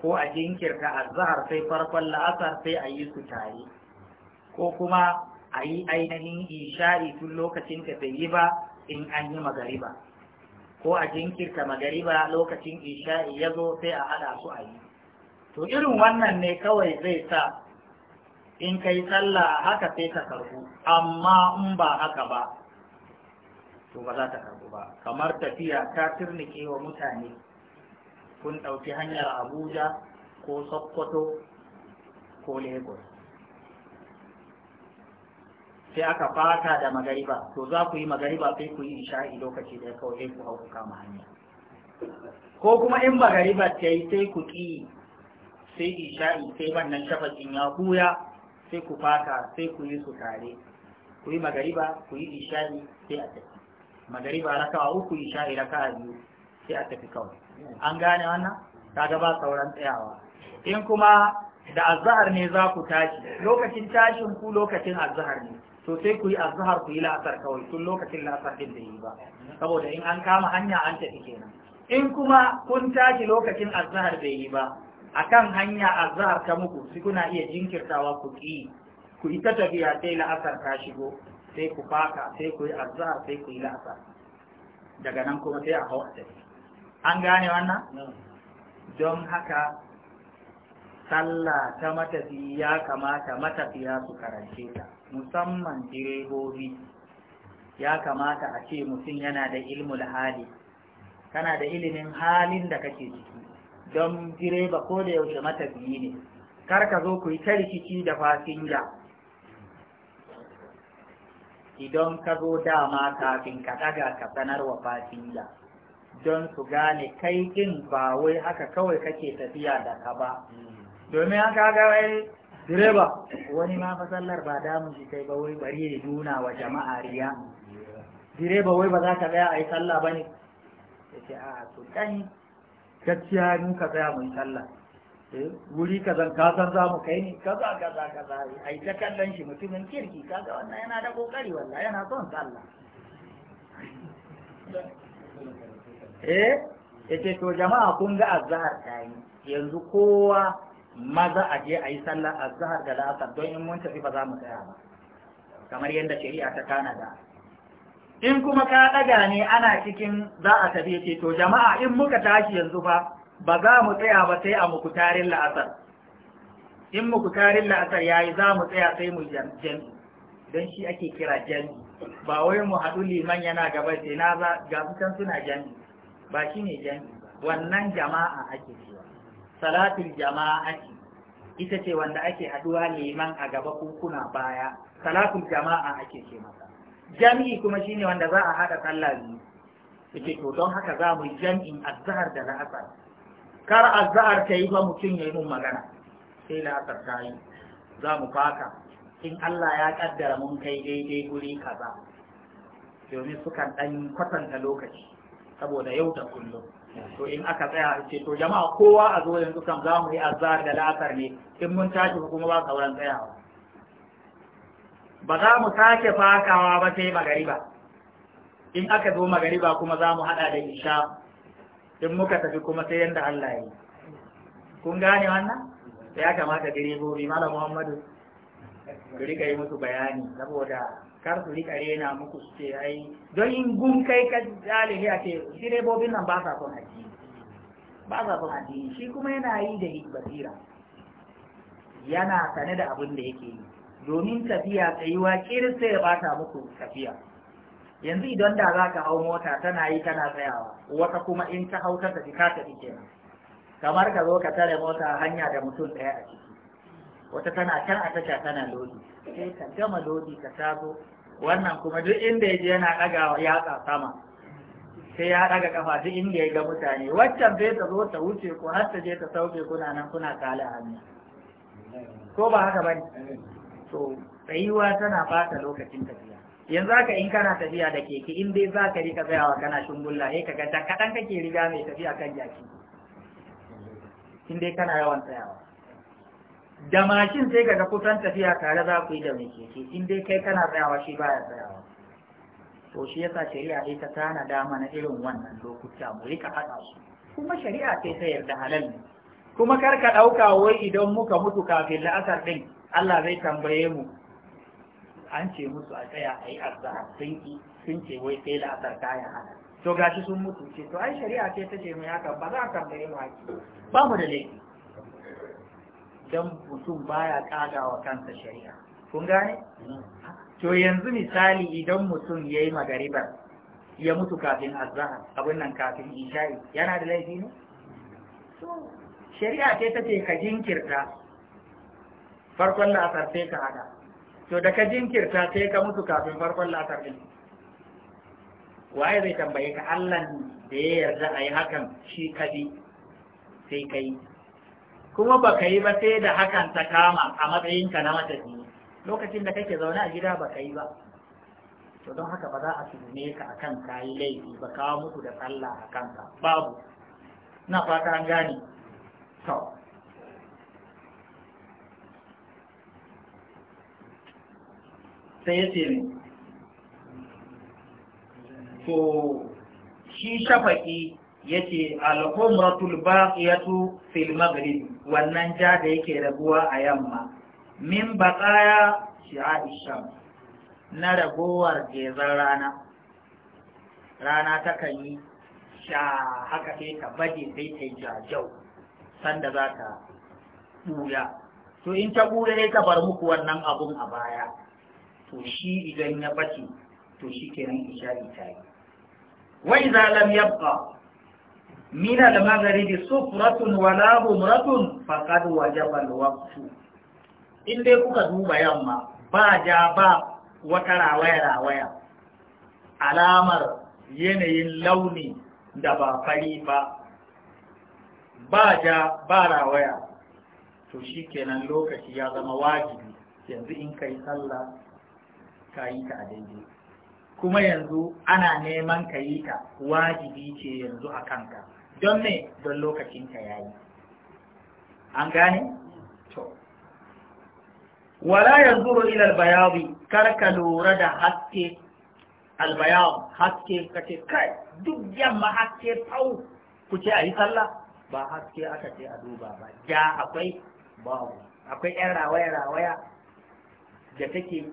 ko a jinkirta azhar sai farkon la'asar sai a yi su tare ko kuma a yi ainihin isha'i tun lokacin ta bai yi ba in an yi magariba ko a jinkirta magariba lokacin isha'i ya zo sai a hada su a yi to irin wannan ne kawai zai sa in kai sallah haka sai ta karbu amma in ba haka ba to ba za ta karbu ba kamar tafiya ta turnike wa mutane kun ɗauki hanyar abuja ko sokoto ko lagos sai aka fata da magariba to za ku yi magariba sai ku yi isha'i lokaci da kawai ku hau ku kama hanya ko kuma in magariba ta yi sai ku ƙi sai isha'i sai wannan shafakin ya buya sai ku fata sai ku yi su tare ku yi magariba ku yi ishari sai a tafi magariba raka'a uku isha'i raka'a biyu sai a tafi kawai an gane wannan Ta gaba sauran tsayawa in kuma da azahar ne za ku tashi lokacin tashin ku lokacin azahar ne to sai ku yi azahar ku yi la'asar kawai tun lokacin la'asar din da yi ba saboda in an kama hanya an tafi kenan in kuma kun tashi lokacin azahar bai yi ba akan hanya azhar ta muku kuna iya jinkirtawa ku ki ku ita tafiya sai la'asar ta shigo sai ku faka sai ku yi azhar sai ku yi la'asar daga nan kuma sai a hawa tafi an gane wannan don haka sallah ta matafi ya kamata matafiya su karance ta musamman direbobi ya kamata a ce mutum yana da ilmul hali kana da ilimin halin da kake ciki don direba ko da yaushe matafiye ne kar ka zo ku yi ta rikici da fasinja idan ka zo dama kafin ka ɗaga ka sanar wa fasinja don su gane kai ɗin ba wai haka kawai kake tafiya da ka ba domin haka ga direba wani ma fasallar ba damun shi kai ba wai bari ya nuna wa jama'a riya direba wai ba za ka gaya a yi sallah ba ne ya ce a to gaskiya mun ka tsaya mai sallah eh, wuri kazan ka san za mu kai ne kaza kaza kaza ai ta kallon shi mutumin kirki kaga wannan yana da kokari wallahi yana son sallah eh yace to jama'a kun ga azhar kai yanzu kowa maza a je a yi azhar da la'asar don in mun tafi ba za mu tsaya ba kamar yadda shari'a ta da in kuma ka ɗaga ne ana cikin za a tafi ce to jama'a in muka tashi yanzu fa ba za mu tsaya ba sai a muku tarin la'asar in tarin la'asar ya yi za mu tsaya sai mu jami don shi ake kira jami ba wai mu haɗu liman yana gaba sai na za ga can suna jami ba shi ne jami wannan jama'a ake cewa salatul jama'a ce ita ce wanda ake haɗuwa liman a gaba kuna baya salatul jama'a ake ce masa jami'i kuma shine wanda za a haɗa sallah biyu yake to don haka za mu yi azhar da la'asar kar azhar ta yi ba mutum ya yi mun magana sai la'asar ta yi za mu faka in Allah ya kaddara mun kai daidai guri kaza domin sukan ɗan kwatanta lokaci saboda yau da kullum to in aka tsaya ce to jama'a kowa a zo yanzu kan za mu yi azhar da la'asar ne in mun tashi kuma ba sauran tsayawa ba za mu sake fakawa ba sai magariba in aka zo magariba kuma za mu haɗa da isha in muka tafi kuma sai yadda Allah yi kun gane wannan ya kamata direbobi malam Muhammadu su rika yi musu bayani saboda kar su rika rena muku su ce ai don in gun kai ka dalibi a ce direbobin nan ba sa son addini ba sa son addini shi kuma yana yi da basira yana sane da abin da yake yi domin tafiya tsayuwa kirista ya bata muku tafiya yanzu idan da za ka hau mota tana yi tana tsayawa wata kuma in ta hau ta tafi ka tafi kenan kamar ka zo ka tare mota hanya da mutum ɗaya a ciki wata tana can a tasha tana lodi sai ka gama lodi ka tazo wannan kuma duk inda ya je yana ɗaga yatsa sama sai ya ɗaga kafa duk inda ya ga mutane waccan sai ta zo ta wuce ku har ta je ta sauke kuna nan kuna kala hanya ko ba haka ba ne? to tsayuwa tana bata lokacin tafiya yanzu haka in kana tafiya da keke in dai za ka rika tsayawa kana shungulla sai ka ga kaɗan kake riga mai tafiya kan jaki in dai kana yawan tsayawa da mashin sai kaga kusan tafiya tare za ku yi da mai keke in dai kai kana tsayawa shi baya tsayawa to shi yasa shari'a dai ta tana dama na irin wannan lokuta mu rika haɗa su kuma shari'a sai ta yarda halal ne kuma kar ka ɗauka wai idan muka mutu kafin la'asar ɗin Allah zai tambaye mu an ce musu a tsaya a yi azhar sun ki sun ce wai sai la'asar ta ya hana to gashi sun mutu ce to ai shari'a ce ta ce mu haka ba za a tambaye mu haƙi ba mu da laifi Don mutum baya kaga wa kansa shari'a kun gane to yanzu misali idan mutum ya yi magaribar ya mutu kafin azhar abin nan kafin isha'i yana da laifi ne shari'a ce ta ce ka jinkirta farkon la'asar sai ka haɗa, to da ka jinkirta sai ka mutu kafin farkon la'asar din waye zai tambaye ka Allah da ya yarda a yi hakan shi kadi sai ka yi kuma ba ka yi ba sai da hakan ta kama a matsayinka na ne lokacin da kake zaune a gida ba ka yi ba to don haka ba za a tuhume ka akan ka yi laifi ba kawo muku da sallah a kanka babu na fata an gane to sai ya ce mu to shi shafaki ya ce alhumratul baqiyatu fil maghrib wannan ja da yake raguwa a yamma min baqaya shi Aisha na ragowar gezan rana rana ta kan yi sha haka sai ta baje sai ta yi jajau sanda za ta ɓuya to in ta ɓuya ne ta bar muku wannan abun a baya to shi idan ya bace to shi kenan ishari ta yi wa idza lam yabqa min al-maghribi sufratun wa la humratun faqad wajaba al in dai kuka duba yamma ba ja ba wata rawaya rawaya alamar yanayin launi da ba fari ba ba ja ba rawaya to shi kenan lokaci ya zama wajibi yanzu in kai sallah ka yi ta a daidai kuma yanzu ana neman ka yi ta wajibi ce yanzu a kanka don me don lokacinka ya yi an gane? to wala yanzu ila albayabi kar ka lura da haske albayab haske ce kai duk yamma haske fau ku ce a yi sallah ba haske aka ce a duba ba ja akwai babu akwai yan rawaya rawaya da take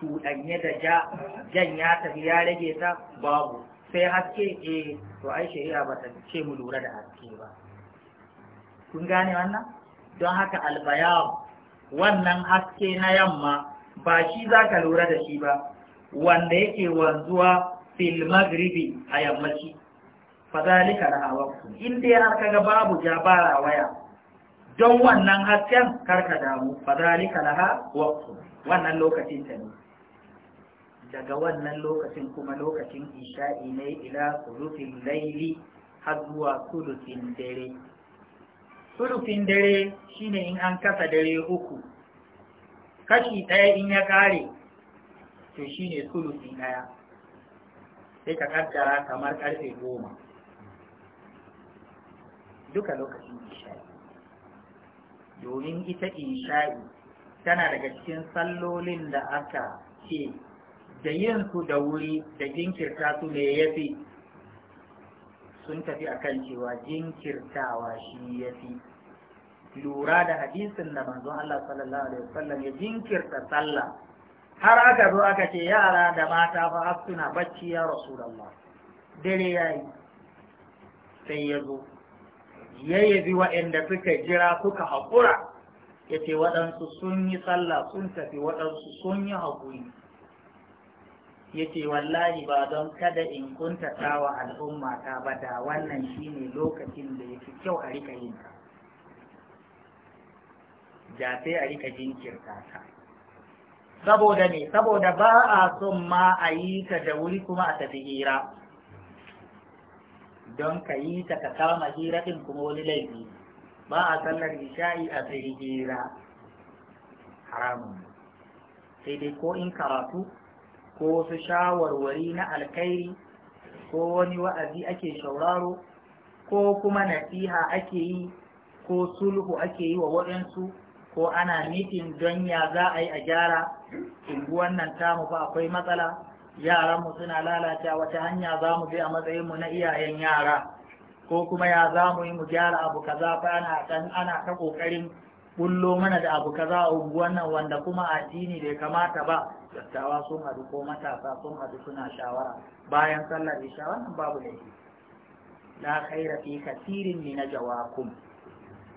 cuɗanye da ja jan ya tafi ya rage ta babu sai haske e to ai shari'a ba ta ce mu lura da haske ba kun gane wannan don haka albayaw wannan haske na yamma ba shi za ka lura da shi ba wanda yake wanzuwa fil magribi a yammaci fa zalika la hawaqtu in dai har kaga babu ja ba waya don wannan hasken karka damu fa zalika laha waqtu wannan lokacin ta ne daga wannan lokacin kuma lokacin isha'i ne ila kulufin laili har zuwa kulufin dare kulufin dare shine in an kasa dare uku kashi ɗaya in ya ƙare to shine kulufi ɗaya sai ka kaddara kamar ƙarfe goma duka lokacin isha'i domin ita isha'i tana daga cikin sallolin da aka ce da yin su da wuri da jinkirta su ne ya fi sun tafi a kan cewa jinkirtawa shi ya fi lura da hadisin da manzon Allah sallallahu alaihi wasallam ya jinkirta sallah har aka zo aka ce yara da mata fa suna bacci ya rasulallah, dare ya yi. sai ya zo ya yabi waɗanda suka jira suka haƙura ya ce waɗansu sun yi sallah sun tafi waɗansu sun yi haƙuri yace wallahi ba don kada in kuntata wa al'umma ta ba da wannan shine lokacin da yafi kyau a rika yin ta ja sai a rika jinkirta ta saboda ne saboda ba a son ma a yi ta da wuri kuma a tafi hira don ka yi ta ka kama hira din kuma wani laifi ba a sallar isha'i a tafi hira haramun sai dai ko in karatu ko wasu shawarwari na alkhairi ko wani wa'azi ake shauraro ko kuma nasiha ake yi ko sulhu ake yi wa waɗansu ko ana mitin don ya za a yi a gyara unguwan wannan tamu fa akwai matsala yaranmu suna lalata wata hanya za mu bi a matsayinmu na iyayen yara ko kuma ya za mu yi mu gyara abu kaza fa ana kan ana ta kokarin bullo mana da abu kaza a unguwan nan wanda kuma addini bai kamata ba dattawa sun hadu ko matasa sun hadu suna shawara bayan sallar isha wannan babu laifi la khaira fi kathirin min jawakum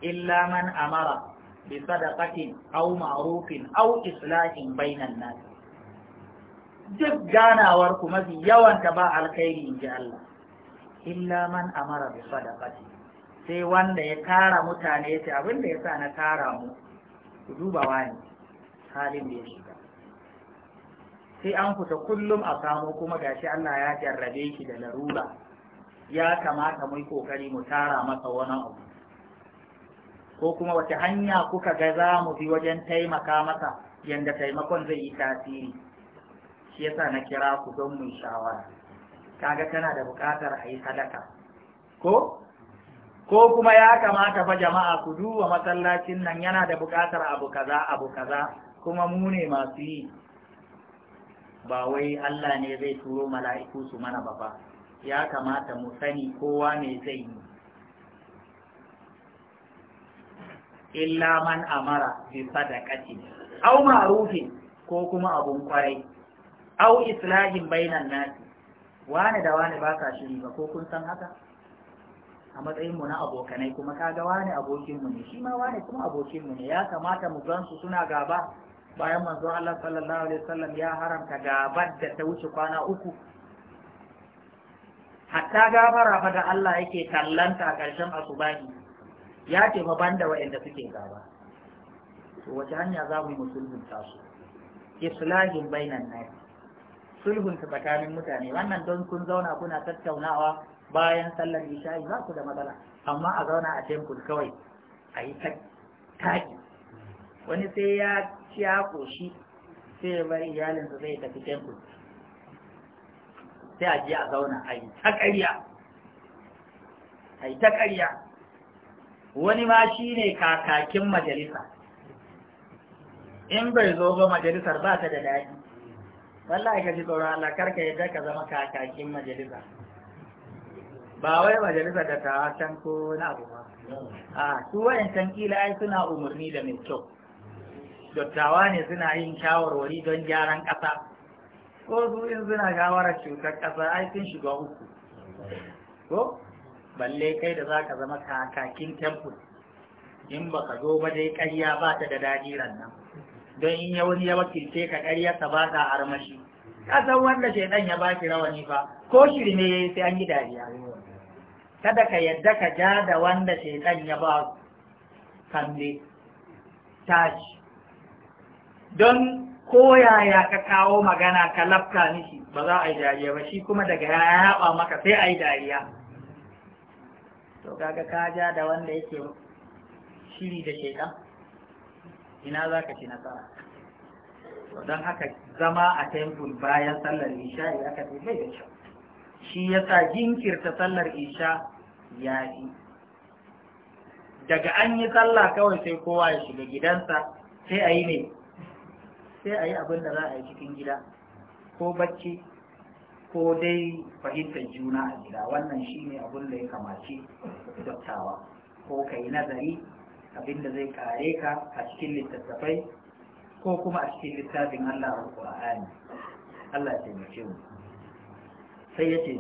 illa man amara bi sadaqatin aw ma'rufin aw islahin bainan nas duk ganawar ku mafi yawan ta ba alkhairi inji Allah illa man amara bi sadaqati sai wanda ya tara mutane ya ce abin da ya sa na tara mu ku duba wani halin da ya shiga sai an fita kullum a samo kuma gashi Allah ya jarrabe shi da larura ya kamata mu yi kokari mu tara masa wani abu ko kuma wace hanya kuka ga za mu bi wajen taimaka masa yanda taimakon zai yi tasiri shi yasa na kira ku don mu shawara kaga tana da buƙatar a yi sadaka ko ko kuma ya kamata fa jama'a ku duba masallacin nan yana da bukatar abu kaza abu kaza kuma mu ne masu yi ba wai Allah ne zai turo mala'iku su mana ba ba ya kamata mu sani kowa ne zai yi illa man amara bi sadaqati aw ma'rufin ko kuma abun kwarai aw islahin bainan nasi wani da wani ba ka shiri ba ko kun san haka a matsayin mu na abokanai kuma kaga wani abokin mu ne shi ma wani kuma abokin mu ne ya kamata mu gansu suna gaba bayan manzo Allah sallallahu alaihi wasallam ya haramta gabar da ta wuce kwana uku hatta gabara fa da Allah yake kallanta a ƙarshen asubahi ya ce fa banda waɗanda suke gaba to wace hanya za mu yi musulmin tasu islahin bainan nas sulhun tsakanin mutane wannan don kun zauna kuna tattaunawa bayan sallar isha'i za ku da matsala amma a zauna a temple kawai a yi taki wani sai ya ci ya koshi sai ya bar iyalinsa zai tafi can sai a je a zauna a yi ta ƙarya a yi ta ƙarya wani ma shi ne kakakin majalisa in bai zo ba majalisar ba ta da daɗi wallahi ka ji tsoron Allah karka yadda ka zama kakakin majalisa ba wai majalisa da ta can ko na abu ba a su wayan can kila ai suna umarni da mai kyau dattawa ne suna yin shawarwari don gyaran ƙasa ko su in suna shawarar cutar ƙasa ai sun shiga uku ko balle kai da za ka zama kakakin temple in ba ka zo ba dai ƙarya ba ta da dajiran nan don in ya wani ya wakilce ka ta ba ta armashi ƙasar wanda shaidan ya baki rawani fa ko shirme ya yi sai an yi dariya kada ka yadda ka ja da wanda shaidan ya ba kande tashi don koyaya ka kawo magana ka lafta nishi ba za a yi dariya ba shi kuma daga ya yaba maka sai a yi dariya to kaga ka ja da wanda yake shiri da shaidan ina za ka ci nasara don haka zama a temple bayan sallar isha ya aka ce bai da kyau shi sa jinkirta sallar isha ya yi daga an yi sallah kawai sai kowa ya shiga gidansa sai a yi ne sai a yi abin da za a yi cikin gida ko bacci ko dai fahimtar juna a gida wannan shi ne abin da ya kamaci dattawa ko ka yi nazari abin da zai kare ka a cikin littattafai ko kuma a cikin littafin Allah a Qur'ani Allah ya taimake mu sai ya ce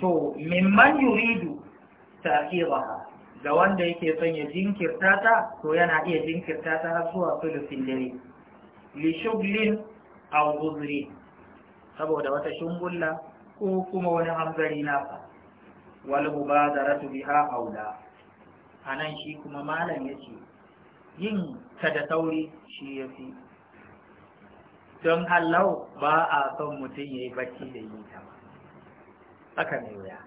to mimman yuridu ta'khiraha ga wanda yake son ya jinkirta ta to yana iya jinkirta ta har zuwa filifin dare li shuglin aw uzri saboda wata shungulla ko kuma wani hanzari nasa wal mubadaratu biha aula anan shi kuma malam yace yin ta da sauri shi yafi don Allah ba a son mutum yayi bacci da yi ta ba haka ne wuya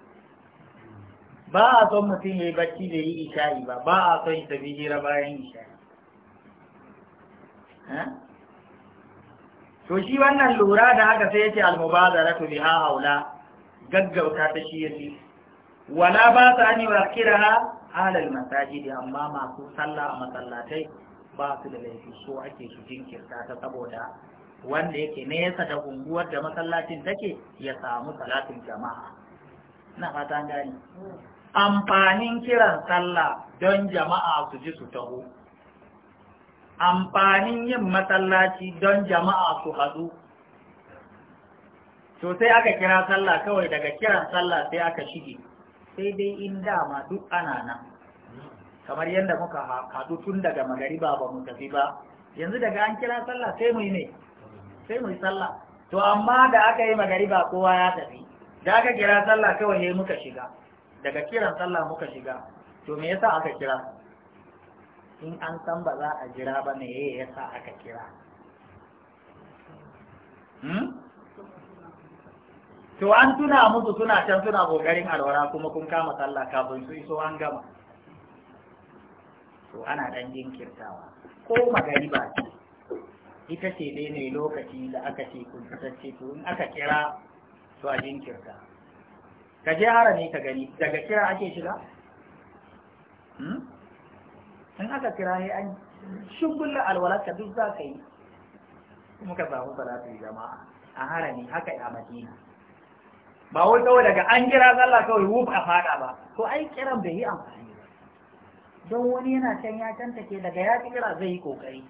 ba a son mutum ya yi bacci da yi isha'i ba ba a son ya tafi hira bayan isha'i eh? to shi wannan lura da haka sai yace almubadara to ha aula gaggauta ta shi yafi wala ba ta ani wa kiraha alal masajidi amma masu sallah a masallatai ba su da laifi so ake su jinkirta ta saboda wanda yake nesa da unguwar da masallacin take ya samu salatin jama'a ina fata gani amfanin kiran sallah don jama'a su ji su taho amfanin yin masallaci don jama'a su haɗu to sai aka kira sallah kawai daga kiran sallah sai aka shige sai dai in dama duk ana nan kamar yadda muka haɗu tun daga magariba ba mu tafi ba yanzu daga an kira sallah sai mu yi ne sai mu yi sallah to amma da aka yi magariba kowa ya tafi da aka kira sallah kawai sai muka shiga daga kiran sallah muka shiga to me yasa aka kira in an san ba za a jira ba me yasa aka kira hmm? to an tuna musu suna can suna kokarin alwara kuma kun kama sallah kafin su iso an gama to ana dan jinkirtawa ko magani ba ce ita ce dai ne lokaci da aka ce kun kasance to in aka kira to a jinkirta ka je ne ka gani daga kira ake shiga hmm? in aka kira ne an shugullar alwalarka duk za ka yi muka samu salatu jama'a a ne haka a madina ba wai kawai daga an kira zalla kawai wuf a fada ba to ai kiran bai yi amfani ba don wani yana can ya ke daga ya kira zai yi kokari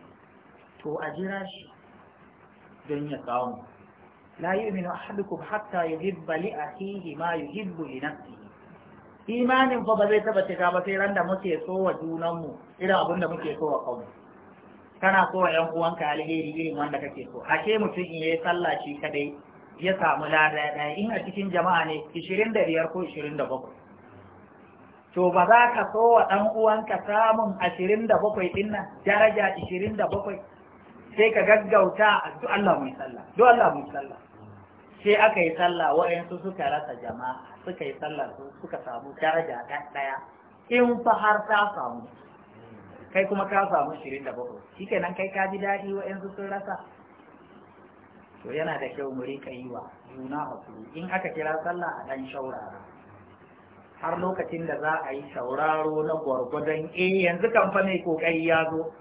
to a jira shi don ya samu la yu'minu ahadukum hatta yuhibba li akhihi ma yuhibbu li nafsihi imanin fa ba zai taba cika ba sai ran da muke so wa junan mu irin abin da muke so wa kanmu kana so wa ƴan uwanka alheri irin wanda kake so ashe mutum in yayi sallah shi kadai ya samu lada ɗaya in a cikin jama'a ne 25 ko 27 to ba za ka so wa ɗan uwanka samun 27 ɗin nan daraja 27 sai ka gaggauta a duk Allah mu sallah duk Allah mu sallah sai aka yi sallah wa'yansu suka rasa jama'a suka yi sallah su, suka samu daraja ɗan ɗaya in fa har ta samu kai kuma ka samu shirin da bako? shi kenan kai ka ji daɗi wa'yansu sun rasa to yana da kyau mu rika yi wa juna hakuri in aka kira sallah a ɗan shaurara har lokacin da za a yi shauraro na gwargwadon eh yanzu kamfani kokari ya zo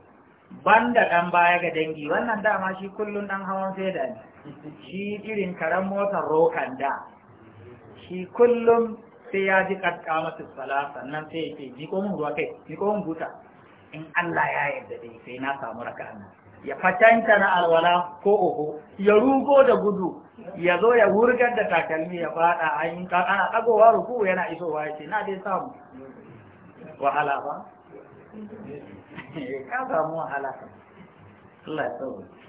banda ɗan baya ga dangi wannan dama shi kullum ɗan hawan sai da ne shi irin karen motar rokan da shi kullum sai ya ji kakka masu tsala sannan sai ya ce jikomin ruwa kai jikomin buta in Allah ya yarda dai sai na samu raka ya fatanta na alwala ko oho ya rugo da gudu ya zo ya wurgar da takalmi ya fada an yi ana dagowa ruku yana isowa ya ce na dai samu wahala ba ka samu wahala Allah ya sauke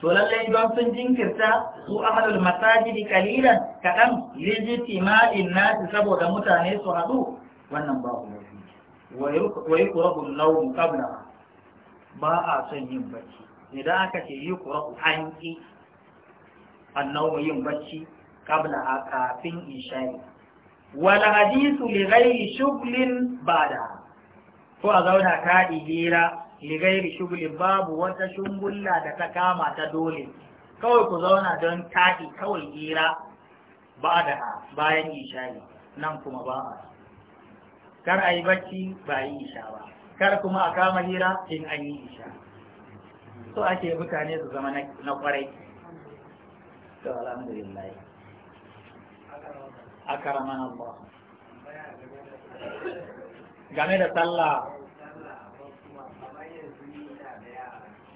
to lallai don sun jinkirta su ahlul masajidi kalilan kaɗan lijitima'in nasu saboda mutane su haɗu wannan ba ku mafi wa yi rabu nau'in kabla ba a son yin bacci idan aka ce yi kurabu an ƙi annawu yin bacci kabla a kafin isha'i Wala hadisu li ghairi shughlin bada ko a zauna ka hira ligairi shuguli babu wata shungulla da ta kama ta dole kawai ku zauna don taɗi kawai gira ba da bayan isha'i nan kuma ba a kar a yi bacci ba yi isha ba kar kuma a kama hira in an yi isha so ake mutane su zama na kwarai to alhamdulillah a karaman Allah game da sallah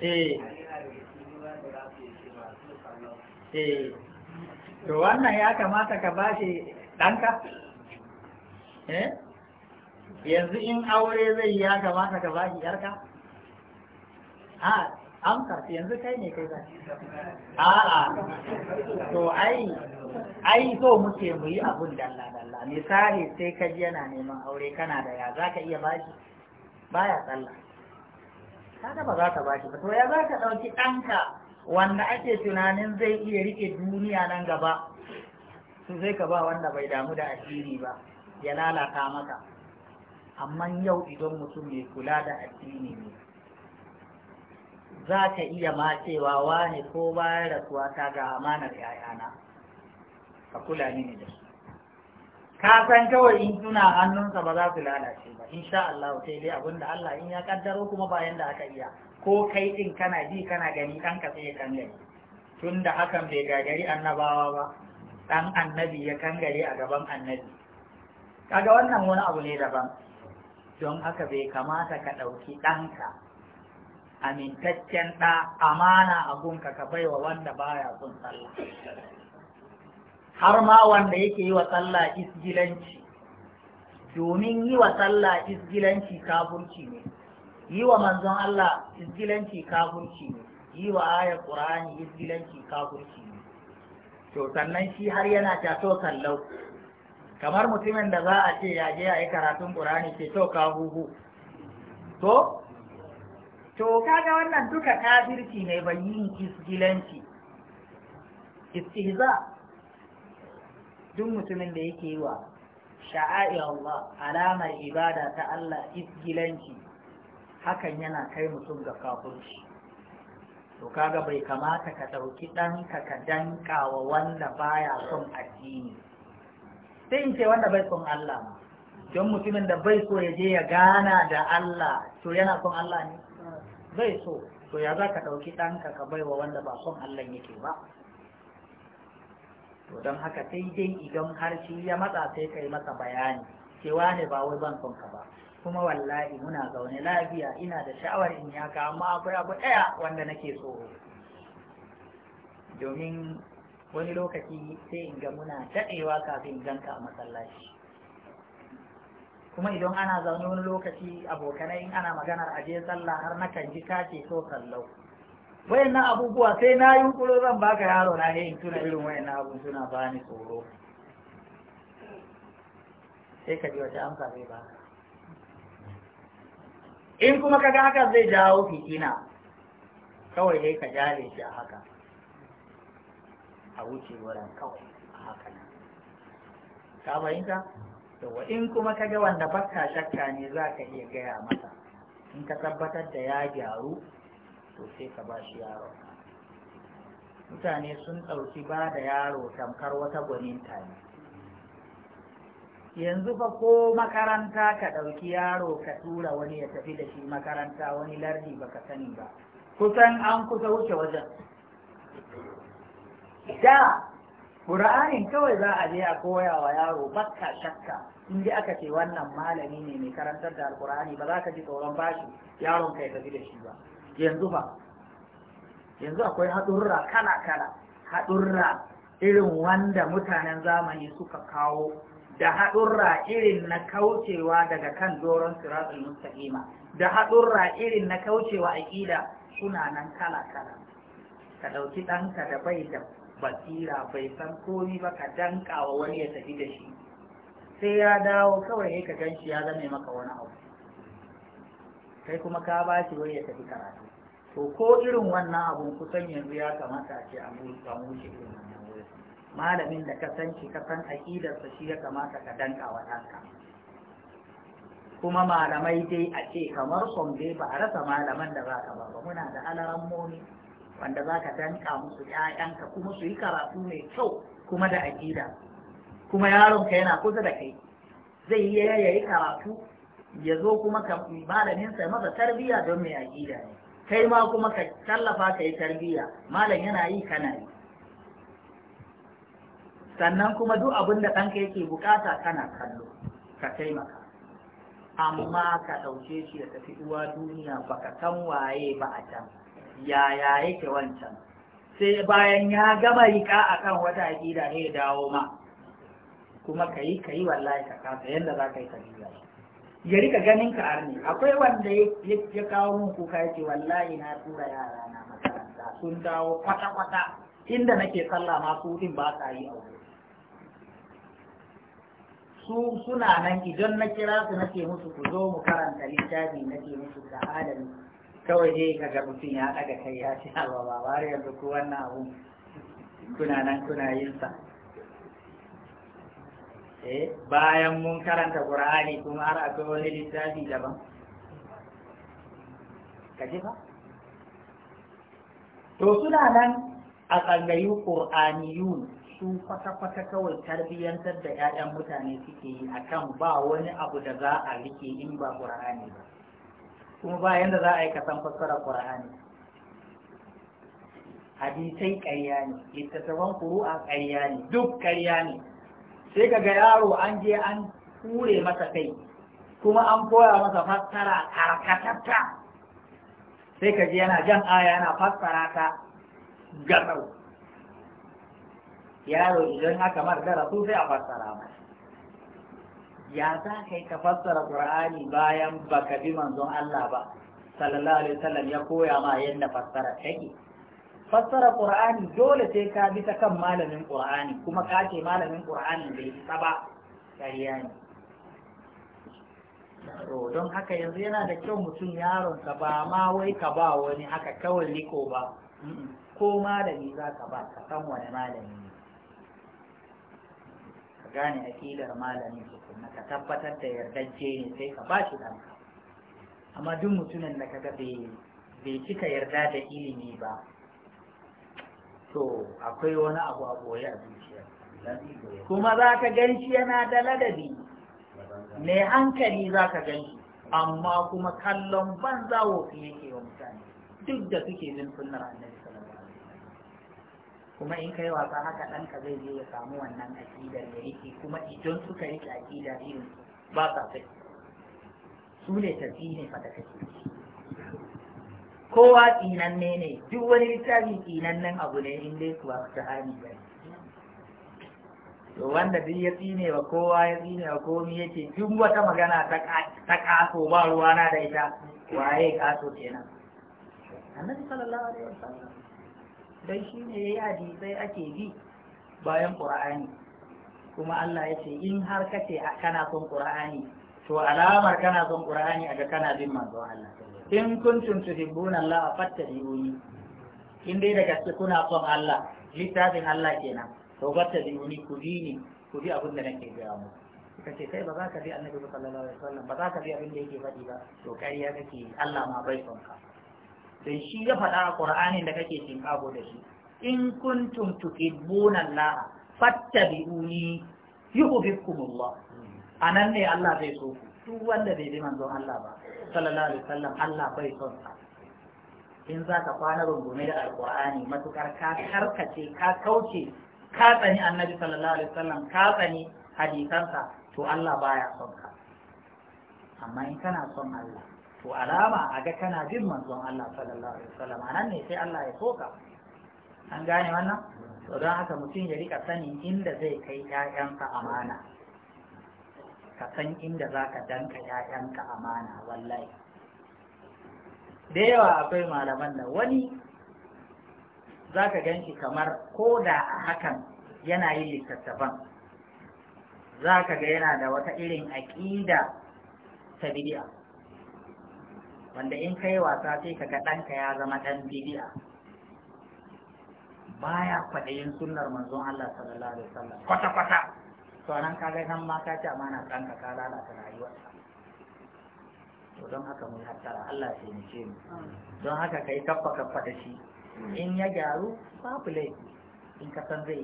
Eh, eh. eh. to wannan ya kamata ka ba shi ɗanka eh yanzu in aure zai ya kamata ka ba shi ƴarka? Ah, an karfi yanzu kai ne kai ba a'a to ai ai so muke mu yi abun dalla dalla misali sai ka ji yana neman aure kana da ya za ka iya bashi baya tsalla kaga ba za ka bashi ba to ya za ka ɗauki ɗanka wanda ake tunanin zai iya rike duniya nan gaba su zai ka ba wanda bai damu da asiri ba ya lalata maka amma yau idan mutum mai kula da addini ne za ka iya matsewa wani ko bayan rasuwa ta ga amanar yayana ka kula ne da su ka san kawai in suna hannunsa ba za su lalace ba sha Allah sai dai da Allah in ya kaddaro kuma bayan da aka iya ko kai din kana ji kana gani dan ka sai kan gani tunda hakan bai gagari annabawa ba dan annabi ya kangare a gaban annabi kaga wannan wani abu ne daban don haka bai kamata ka ɗauki ɗanka amintaccen ɗa amana a gunka ka baiwa wanda baya son sallah har ma wanda yake yi wa sallah isgilanci domin yi wa sallah isgilanci kafurci ne yi wa manzon Allah isgilanci kafurci ne yi wa ayar ƙurani isgilanci kafurci ne to sannan shi har yana ta so sallau kamar mutumin da za a ce ya je ya yi karatun ƙur'ani ke to ka huhu to to kaga wannan duka kafirci ne bayyin isgilanci istihza duk mutumin da yake yi wa sha'a'ir Allah alamar ibada ta Allah isgilanci hakan yana kai mutum ga kafirci to kaga bai kamata ka ɗauki ɗanka ka danka wa wanda baya son addini sai in ce wanda bai son Allah ma don mutumin da bai so ya je ya gana da Allah to yana son Allah ne bai so to ya za ka ɗauki ɗanka ka baiwa wanda ba son Allah yake ba to don haka sai dai idan har shi ya matsa sai ka yi masa bayani cewa ne ba wai ban son ka ba kuma wallahi muna zaune lafiya ina da sha'awar in ya ka amma akwai abu ɗaya wanda nake so domin wani lokaci sai in ga muna daɗewa kafin ganka a masallaci kuma idan ana zaune wani lokaci abokanai in ana maganar aje sallah har nakan ji kace so sallau wayannan abubuwa sai na yi kulo zan baka yaro na ne in tuna irin wayannan abun suna bani tsoro sai ka ji wata amsa zai ba in kuma kaga haka zai jawo fitina kawai dai ka jale shi a haka a wuce wurin kawai a haka nan ka fahimta to in kuma ka ga wanda baka shakka ne za ka iya gaya masa in ka tabbatar da ya gyaru to sai ka ba shi yaron mutane sun ɗauki ba da yaro tamkar wata gwaninta ne yanzu fa ko makaranta ka ɗauki yaro ka tura wani ya tafi da shi makaranta wani lardi ba ka sani ba kusan an kusa wuce wajen da Ƙura'anin kawai za a je a koya wa yaro baka shakka in ji aka ce wannan malami ne mai karantar da alƙura'ani ba za ka ji tsoron bashi yaron ka ya tafi da shi ba yanzu ba yanzu akwai haɗurra kala kala haɗurra irin wanda mutanen zamani suka kawo da haɗurra irin na kaucewa daga kan doron siratul mustaqima da haɗurra irin na kaucewa aƙida suna nan kala kala ka ɗauki ɗanka da bai da basira bai san komi ba ka danka wa wani ya tafi da shi sai ya dawo kawai ya ka gan ya zame maka wani abu kai kuma ka ba shi wani ya tafi karatu to ko irin wannan abun kusan yanzu ya kamata a ce a samu shi irin wannan wuri malamin da ka san shi ka san aƙidarsa shi ya kamata ka danka wa ɗanka kuma malamai dai a ce kamar son ba a rasa malaman da za ka ba ba muna da alarammomi wanda za ka danka musu ‘ya'yanka kuma su yi karatu mai kyau kuma da aƙida kuma yaronka yana kusa da kai zai yi ya yi karatu ya zo kuma ka malaminsa masa tarbiyya don mai aƙida ne kai ma kuma ka tallafa ka yi tarbiyya malam yana yi kana yi sannan kuma duk abin da ɗanka yake bukata kana kallo ka taimaka amma ka ɗauke shi da tafi uwa duniya baka san waye ba a can yaya yake wancan sai bayan ya gama rika a kan wata aƙida ne ya dawo ma kuma ka yi ka yi wallahi ka kasa yadda za ka yi ka biya ya rika ganin ka arni akwai wanda ya kawo mun kuka ce wallahi na tura yara na makaranta sun dawo kwata-kwata inda nake sallah ma su din ba sa yi aure su suna nan idan na kira su nake musu ku zo mu karanta littafi nake musu da adalci kawai dai ga mutum ya daga kai ya ce ba ba har yanzu ko wannan abu kuna nan kuna yin sa eh bayan mun karanta qur'ani kuma har akwai wani littafi daban kaje ba to suna nan a tsangayu qur'aniyun su kwata-kwata kawai tarbiyyantar da 'ya'yan mutane suke yi akan ba wani abu da za a rike in ba qur'ani ba kuma ba da za a yi kasan fassarar ƙur'ani hadisai ƙarya ne littattafan a ƙarya ne duk ƙarya ne sai ka ga yaro an je an ture masa kai kuma an koya masa fassara karkatatta sai ka ji yana jan aya yana fassara ta gasau yaro idan aka mar darasu sai a fassara masa ya za ka yi ka fassara qur'ani bayan ka bi manzon Allah ba sallallahu alaihi wasallam ya koya ma yadda fassara take fassara qur'ani dole sai ka bi ta kan malamin qur'ani kuma ka ce malamin qur'ani bai isa ba kariya ne to don haka yanzu yana da kyau mutum yaronsa ba ma wai ka ba wani haka kawai liko ba ko malami za ka ba ka san wani malami ka gane akilar malamin tukunna ka tabbatar da yardajje ne sai ka bashi ɗanka amma duk mutumin da kaga bai cika yarda da ilimi ba to akwai wani abu a boye a zuciya kuma za ka gan shi yana da ladabi mai hankali za ka gan shi amma kuma kallon banza wofi yake wa mutane duk da suke bin sunnar annabi kuma in kai wasa haka ka zai je ya samu wannan aƙidar da yake kuma idan suka yi aƙida irin ba sa kai su ne tafi ne fata kake kowa tsinanne ne duk wani littafi nan abu ne in dai kuwa ta hani ba to wanda duk ya tsine wa kowa ya tsine wa komi yake duk wata magana ta kaso ba ruwana da ita waye kaso kenan annabi sallallahu alaihi wasallam dan shi ne ya yi sai ake bi bayan ƙura'ani kuma Allah ya ce in har kace kana son ƙura'ani to alamar kana son ƙura'ani a ga kana bin manzo Allah in kuntum tuhibbuna Allah fattabi'uni in dai da gaske kuna son Allah littafin Allah kenan to fattabi'uni ku bi ni ku bi abin da nake gaya muku kace kai ba za ka bi annabi sallallahu alaihi wasallam ba za ka bi abin da yake faɗi ba to ƙarya kake Allah ma bai son ka sai shi ya faɗa a ƙur'anin da kake tinkago da shi in kuntum tuhibbuna Allah fattabi'uni A nan ne Allah zai so ku duk wanda bai bi manzon Allah ba sallallahu alaihi wasallam Allah bai son sa in za ka kwana rungume da alƙur'ani matukar ka karkace ka kauce ka tsani annabi sallallahu alaihi wasallam ka tsani hadisansa to Allah baya son ka amma in kana son Allah to alama a ga kana bin manzon Allah sallallahu alaihi wasallam anan ne sai Allah ya koka an gane wannan to don haka mutum ya rika sanin inda zai kai ƴaƴansa amana ka san inda za ka danka ƴaƴanka amana wallahi da yawa akwai malaman da wani zaka ka kamar ko da hakan yana yin littattafan za ka ga yana da wata irin aƙida ta bidiya wanda in kai wasa sai ka ga ɗanka ya zama ɗan bidiya baya kwaɗayin sunar manzon Allah sallallahu alaihi wasallam kwata kwata to nan ka ga kan ma ka ci amana ɗanka ka lalata rayuwarsa to don haka mun hattara Allah ya taimake mu don haka kai kaffa kaffa da shi in ya gyaru babu laifi in ka san zai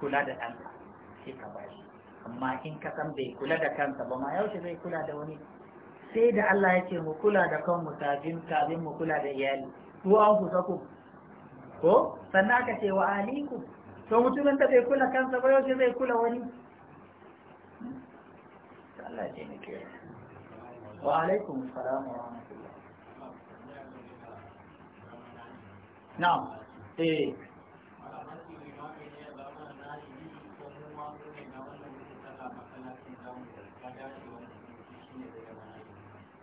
kula da ɗanka sai ka shi amma in ka san bai kula da kansa ba ma yaushe zai kula da wani sai da Allah ya ce mu kula da kanmu kafin kafin mu kula da iyali ku an ku sako ko sannan aka ce wa aliku to mutumin da bai kula kansa ba yau zai kula wani Allah ya ne wa alaikum salam wa rahmatullah na'am eh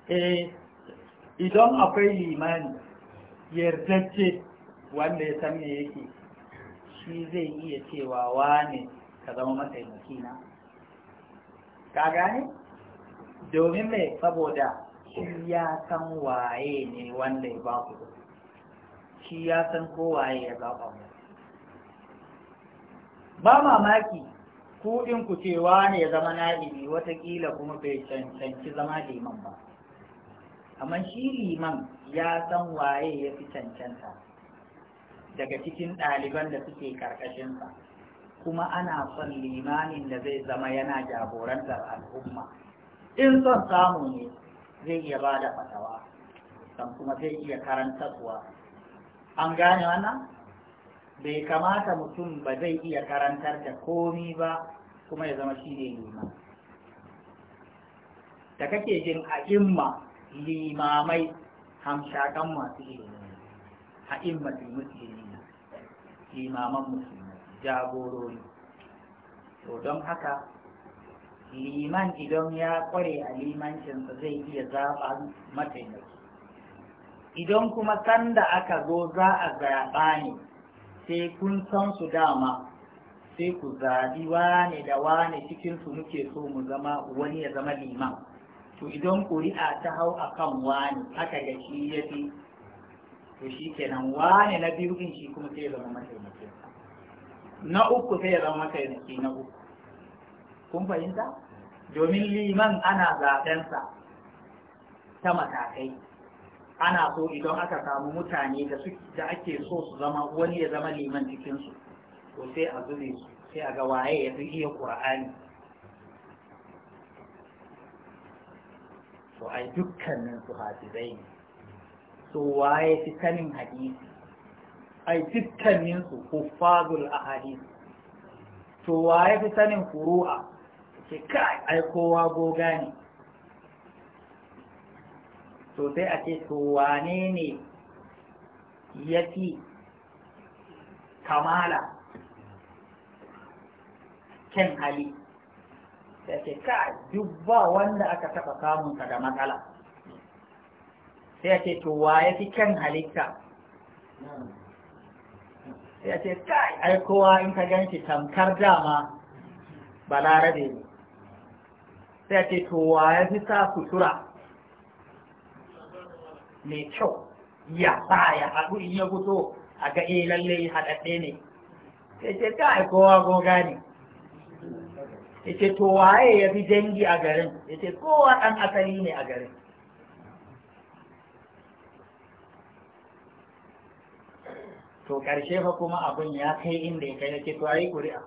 Eh, idan akwai limani yardacce wanda ya san me yake shi zai iya cewa wane ka zama mataimaki na ka gane domin mai saboda shi ya san waye ne wanda ya ba ku shi ya san ko waye ya zaɓa mu ba mamaki kuɗin ku ce ne ya zama na'ibi watakila kuma bai cancanci zama liman ba kamar shi liman ya san waye ya fi cancanta daga cikin ɗaliban da suke ƙarƙashinsa kuma ana son limanin da zai zama yana jagorantar al'umma in son samu ne zai iya ba da fatawa san kuma zai iya karantarwa an gane wannan bai kamata mutum ba zai iya karantar da komi ba kuma ya zama shi ne liman da kake jin a imma limamai hamshakan masu ilimi ha'immatul musulmi limaman musulmi jagorori to don haka liman idan ya kware a limancinsa zai iya zaɓa mataimaki idan kuma sanda aka zo za a zaɓa ne sai kun san su dama sai ku zaɓi wane da wane cikinsu muke so mu zama wani ya zama liman to idan ƙuri'a ta hau a kan wani aka ga shi ya fi to shi kenan wani na biyu ɗin shi kuma sai ya zama mataimaki na uku sai ya zama mataimaki na uku kun fahimta domin liman ana zaɓensa ta matakai ana so idan aka samu mutane da ake so su zama wani ya zama liman cikinsu to sai a zube su sai a ga waye ya fi iya ƙura'ani. to ai dukkanin su zai ne to waye fi sanin hadisi ai dukkanin su a ahadisi to waye fi sanin furu'a Ke kai ai kowa goga ne to sai a ce to wane ne ya fi kamala kyan hali sai ce ka duk ba wanda aka taɓa samun ka da matsala sai ce to wa ya fi kan halitta sai ce kai ai kowa in ka ganki tamkar dama balarabe ne sai ce to wa ya fi sa kutura mai kyau ya ba ya haɗu in ya fito a ga eh lalle haɗaɗɗe ne sai ce kai kowa goga ne ya ce to waye ya fi dangi a garin ya ce kowa ɗan asali ne a garin to ƙarshe fa kuma abin ya kai inda ya kai ya ce to a yi ƙuri'a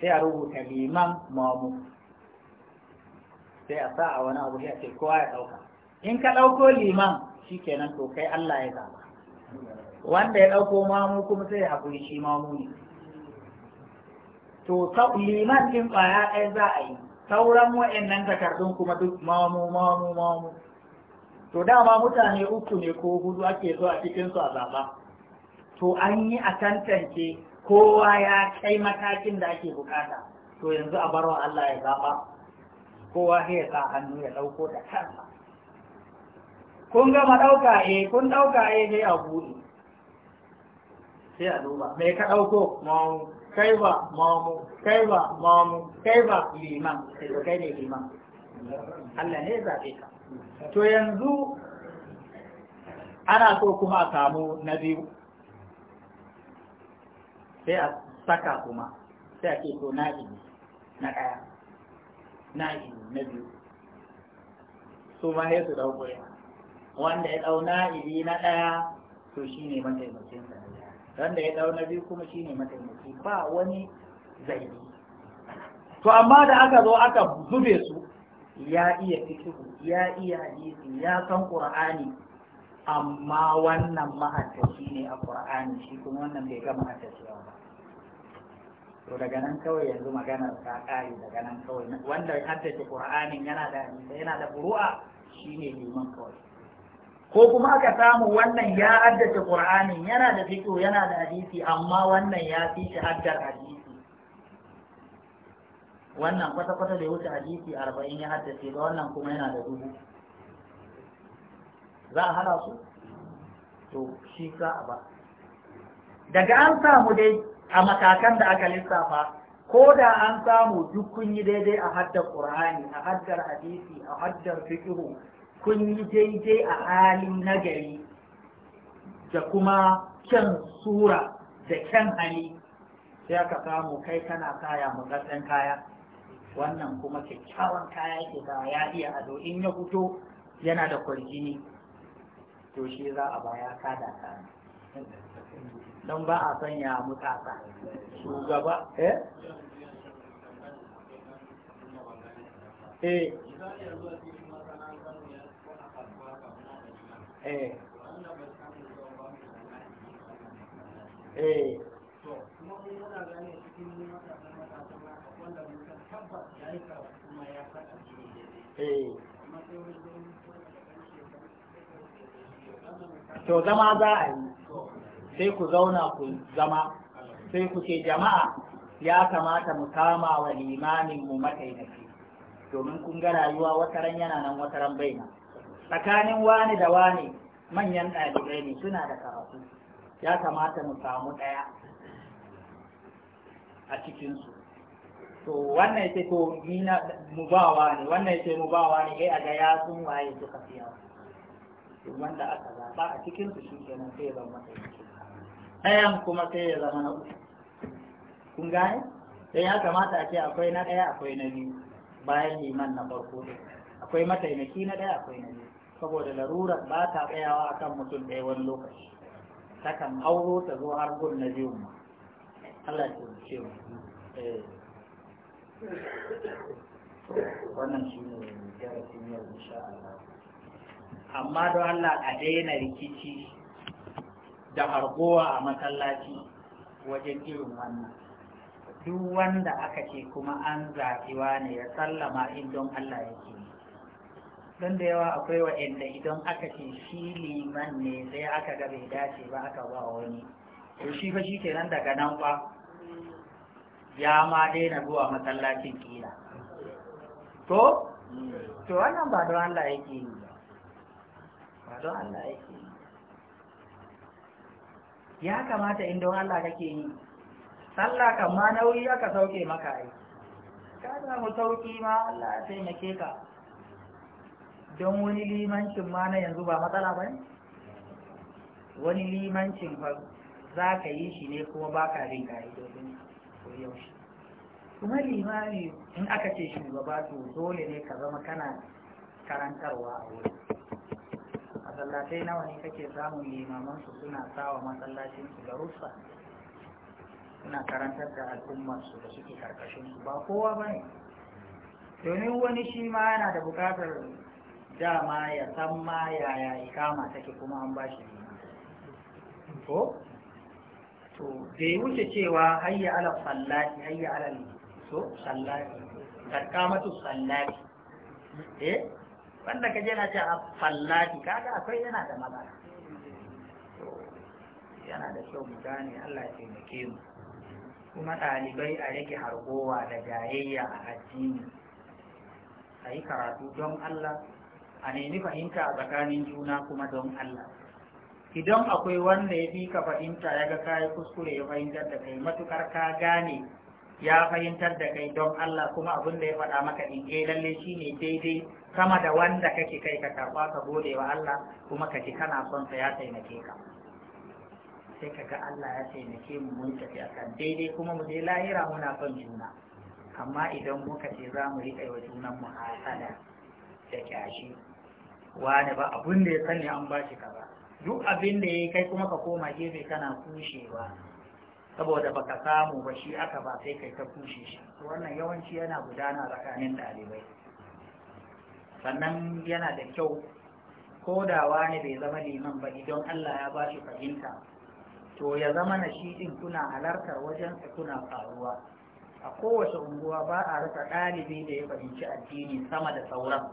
sai a rubuta liman mamu sai a sa a wani abu ya ce kowa ya ɗauka in ka ɗauko liman shi kenan to kai Allah ya zaba wanda ya ɗauko mamu kuma sai ya haƙuri shi mamu ne to liman din baya ɗaya za a yi sauran wa'annan takardun kuma duk mamu mamu mamu to dama mutane uku ne ko hudu ake zo a cikin su a zaɓa to an yi a tantance kowa ya kai matakin da ake bukata to yanzu a barwa Allah ya zaɓa kowa sai ya sa hannu ya ɗauko da kansa kun gama ɗauka eh kun ɗauka eh dai a buɗe sai a duba me ka dauko mamu kai ba mamu kai ba mamu kai ba liman sai da kai ne liman Allah ne zaɓe ka to yanzu ana so kuma a samu na biyu sai a saka kuma sai a ce to na ini na ɗaya na ini na biyu su ma sai su ɗauko wanda ya ɗau na na ɗaya to shine mataimakinsa ne wanda ya dawo na biyu kuma shine mataimaki ba wani zaidi to amma da aka zo aka zube su ya iya fikihu ya iya hadisi ya san qur'ani amma wannan mahaddaci ne a qur'ani shi kuma wannan bai gama mahaddaci ba to daga nan kawai yanzu maganar ta ƙari daga nan kawai wanda haddace qur'anin yana da yana da buru'a shine liman kawai ko kuma aka samu wannan ya haddace qur'anin yana da fiqh yana da hadisi amma wannan ya fi shi haddar hadisi wannan kwata kwata da wuce hadisi arba'in ya haddace ba wannan kuma yana da dubu za a hana su to shi ka ba daga an samu dai a matakan da aka lissafa ko da an samu duk kun yi daidai a haddar qur'ani a haddar hadisi a haddar fiqh kun yi daidai a halin nagari da kuma kyan sura da kyan hali sai aka samu kai kana kaya magatsan kaya wannan kuma kyakkyawan kaya ke da ya iya ado in ya fito yana da kwarjini to shi za a baya da ka don ba a sanya mutasa shugaba eh eh Eh. Eh. Eh. to zama za a yi sai ku zauna ku zama sai ku ce jama'a ya kamata mu kama wa limamin mu mataimaki domin kun ga rayuwa wataran yana nan wataran bai na. tsakanin wani da wani manyan ɗalibai ne suna da karatu ya kamata mu samu ɗaya a cikinsu to wannan yake to ni na mu wa ne wannan yake mu ba wa ne kai a ga ya sun waye suka fi yawa wanda aka zaɓa a cikinsu shi kenan sai ya zama ɗayan kuma sai ya zama na uku kun gane sai ya kamata a ce akwai na ɗaya akwai na biyu bayan liman na farko akwai mataimaki na ɗaya akwai na biyu saboda larurar ba ta tsayawa a kan mutum ɗaya wani lokaci takan auro ta zo har gun na biyun ma Allah ya ce mu eh. wannan shi ne darasin yau insha Allah amma don Allah a daina rikici da hargowa a masallaci wajen irin wannan duk wanda aka ce kuma an zaɓiwa ne ya sallama in don Allah yake don da yawa akwai waɗanda idan aka ce shi liman ne sai aka ga bai dace ba aka ba wani to shi fa shi kenan daga nan ba ya ma daina zuwa masallacin kila to to wannan ba don Allah yake yi ba don Allah yake yi ya kamata in don Allah kake yi sallah kan ma nauyi aka sauke maka ai ka samu sauki ma Allah ya taimake ka don wani limancin ma na yanzu ba matsala ba ne wani limancin ba za ka yi shi ne kuma ba ka bin ka'idodin yaushe kuma limami in aka ce shugaba to dole ne ka zama kana karantarwa a wuri masallatai nawa ne kake samun limaman suna sawa masallacinsu su rusa? suna karantar da al'ummarsu da suke karkashin su ba kowa ba ne domin wani shi ma yana da bukatar dama ya san ma yaya ikama take kuma an bashi ko to bai wuce cewa hayya ala sallati hayya ala so sallati tarkamatu sallati eh wanda kaje na ce a sallati kaga akwai yana da magana. to yana da kyau mu gane Allah ya taimake mu kuma ɗalibai a rage hargowa da jayayya a addini a yi karatu don Allah a nemi fahimta a tsakanin juna kuma don Allah idan akwai wanda ya fi ka fahimta ya ga kayi kuskure ya fahimtar da kai matukar ka gane ya fahimtar da kai don Allah kuma abin da ya faɗa maka in ke eh, lalle shine daidai sama da wanda kake kai ka karɓa ka gode wa Allah kuma kake kana son sa ya taimake ka sai ka ga Allah ya taimake mu mun tafi kan daidai kuma mu je lahira muna son juna amma idan muka ce za mu riƙa wa junan mu hasada da kyashi wani ba abin da ya sani an ba shi kaza duk abin da ya kai kuma ka koma gefe kana kushewa saboda baka samu ba shi aka ba sai kai ta kushe shi wannan yawanci yana gudana tsakanin ɗalibai sannan yana da kyau ko da wani bai zama liman ba idan Allah ya ba shi fahimta to ya zama na shi din kuna halartar wajen kuna faruwa a kowace unguwa ba a rasa ɗalibi da ya fahimci addini sama da sauran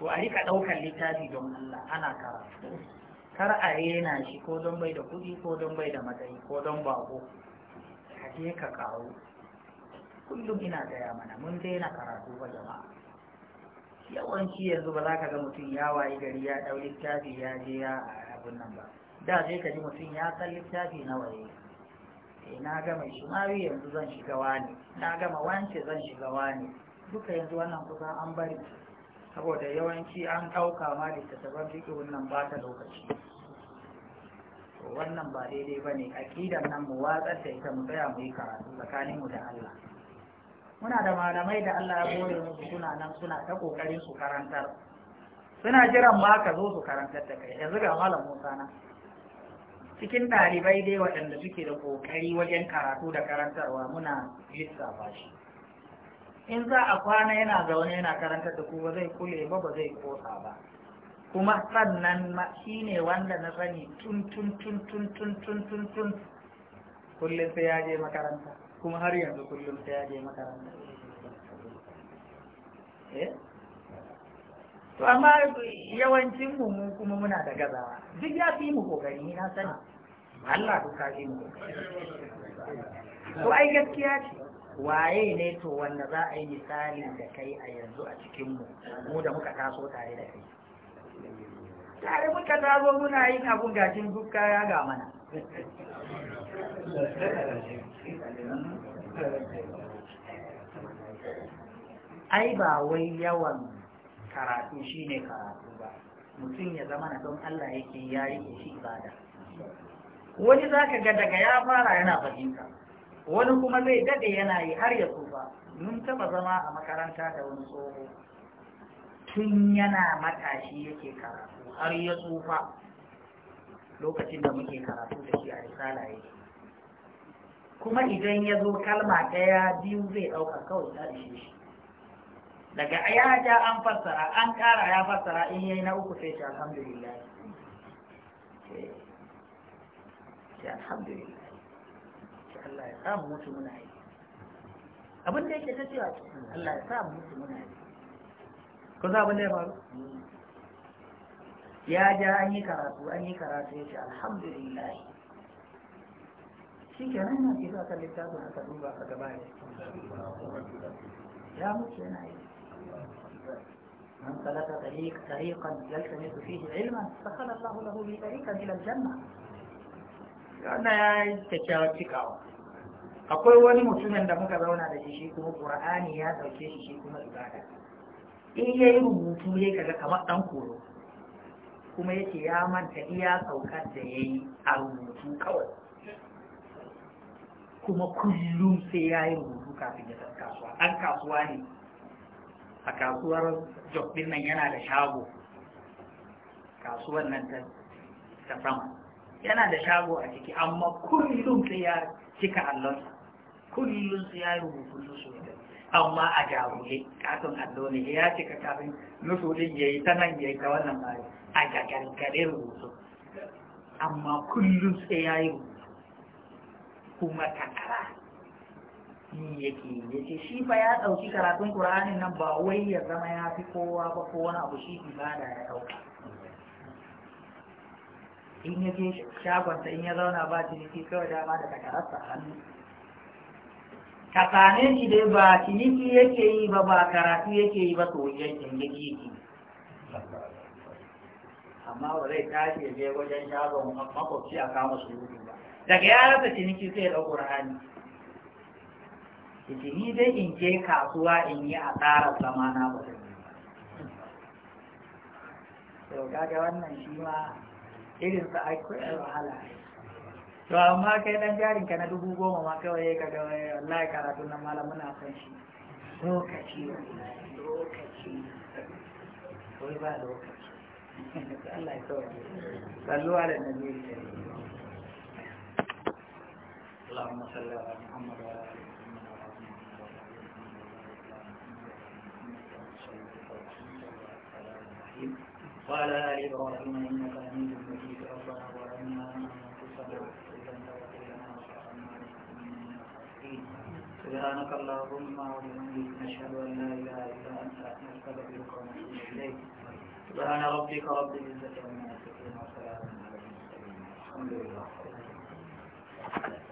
to a rika ɗaukar littafi don Allah ana karatu kar a rena shi ko don bai da kuɗi ko don bai da matsayi ko don bako ka je ka kawo kullum ina gaya mana mun daina karatu ba jama'a yawanci yanzu ba za ka ga mutum ya wayi gari ya ɗau littafi ya je ya abin nan ba da zai ka ji mutum ya san littafi eh, na waye sai na gama ma yanzu zan shiga wani na gama wance zan shiga wani duka yanzu wannan kusa an bari saboda yawanci an ɗauka ma littattafan fiƙihun wannan ba ta lokaci wannan ba daidai ba ne aƙidar nan mu watsar da ita mu tsaya mu yi karatu tsakaninmu da Allah muna da malamai da Allah ya gode musu suna nan suna ta ƙoƙarin su karantar suna jiran ma ka zo su karantar da kai yanzu ga malam Musa na cikin ɗalibai dai waɗanda suke da ƙoƙari wajen karatu da karantarwa muna lissafa shi in za a kwana yana zaune yana karanta da ku ba zai kule ba ba zai kosa ba kuma sannan shi ne wanda na sani tun tun tun tun tun tun tun tun kullum sai ya je makaranta kuma har yanzu kullum sai ya je makaranta eh? to amma yawancin mu mu kuma muna da gazawa duk ya fi mu kokari na sani Allah duka fi mu to ai gaskiya ce waye ne to wanda za a yi misali da kai a yanzu a cikinmu mu da muka taso tare da kai tare muka taso muna yin abun gashin duk kaya ga mana ai ba wai yawan karatu shine karatu ba mutum ya zama na don Allah yake ya shi ibada wani zaka ga daga ya fara yana fahimta wani kuma zai dade yana yi har ya tsufa mun taba zama a makaranta da wani tsoho tun yana matashi yake karatu har ya tsufa lokacin da muke karatu da shi a risala yake kuma idan ya zo kalma daya biyu zai ɗauka kawai ta ishe shi daga ya ja an fassara an kara ya fassara in yayi na uku sai ce alhamdulillah eh, alhamdulillah Allah ya samu mutu muna yi abin da yake ta cewa Allah ya samu mutu muna yi ko za abin da ya faru ya ja an yi karatu an yi karatu ya ce alhamdulillah shi ke nan na ke za ka littafin aka duba ka gaba ya ya mutu yana yi من سلك طريق طريقا يلتمس فيه علما سخر الله له به طريقا الى الجنه wannan ya yi kyakkyawar cikawa akwai wani mutumin da muka zauna da shi kuma qur'ani ya dauke shi shi kuma ibada in yayi rubutu ya kaga kamar dan koro kuma yake ya manta iya saukar da yayi a rubutu kawai kuma kullum sai ya yi rubutu kafin ya kasuwa an kasuwa ne a kasuwar job nan yana da shago kasuwar nan ta ta sama yana da shago a ciki amma kullum sai ya cika allon kullum su ya yi rubutu su amma a jahule kafin allo ne ya cika kafin nufudin ya yi ta nan ya yi ta wannan mari a gagargare rubutu amma kullum sai ya yi rubutu kuma kara ni yake ya ce shi fa ya ɗauki karatun ƙur'anin nan ba wai ya zama ya fi kowa ba ko wani abu shi ibada ya ɗauka in ya je shagonta in ya zauna ba ciniki kawai dama da takararsa hannu ka tsane shi dai ba ciniki yake yi ba ba karatu yake yi ba soyayyen ciniki yake amma ba zai tashi ya wajen shagon makwabci a kama su rudu ba daga ya rasa ciniki sai ya ɗauko rahani yace dai in je kasuwa in yi zama zamana ba zai ba kaga wannan shi ma irin sa akwai wahala to amma kai dan jarin ka na dubu goma ma kawai ya kaga wallahi karatu nan malam muna san shi lokaci lokaci koi ba lokaci Allah ya sallu ala nabi اللهم صل على محمد وعلى سبحانك اللهم وبحمدك نشهد أن لا إله إلا أنت نستغفرك ونتوب إليك سبحان ربك رب العزة عما يصفون وسلام على المرسلين الحمد لله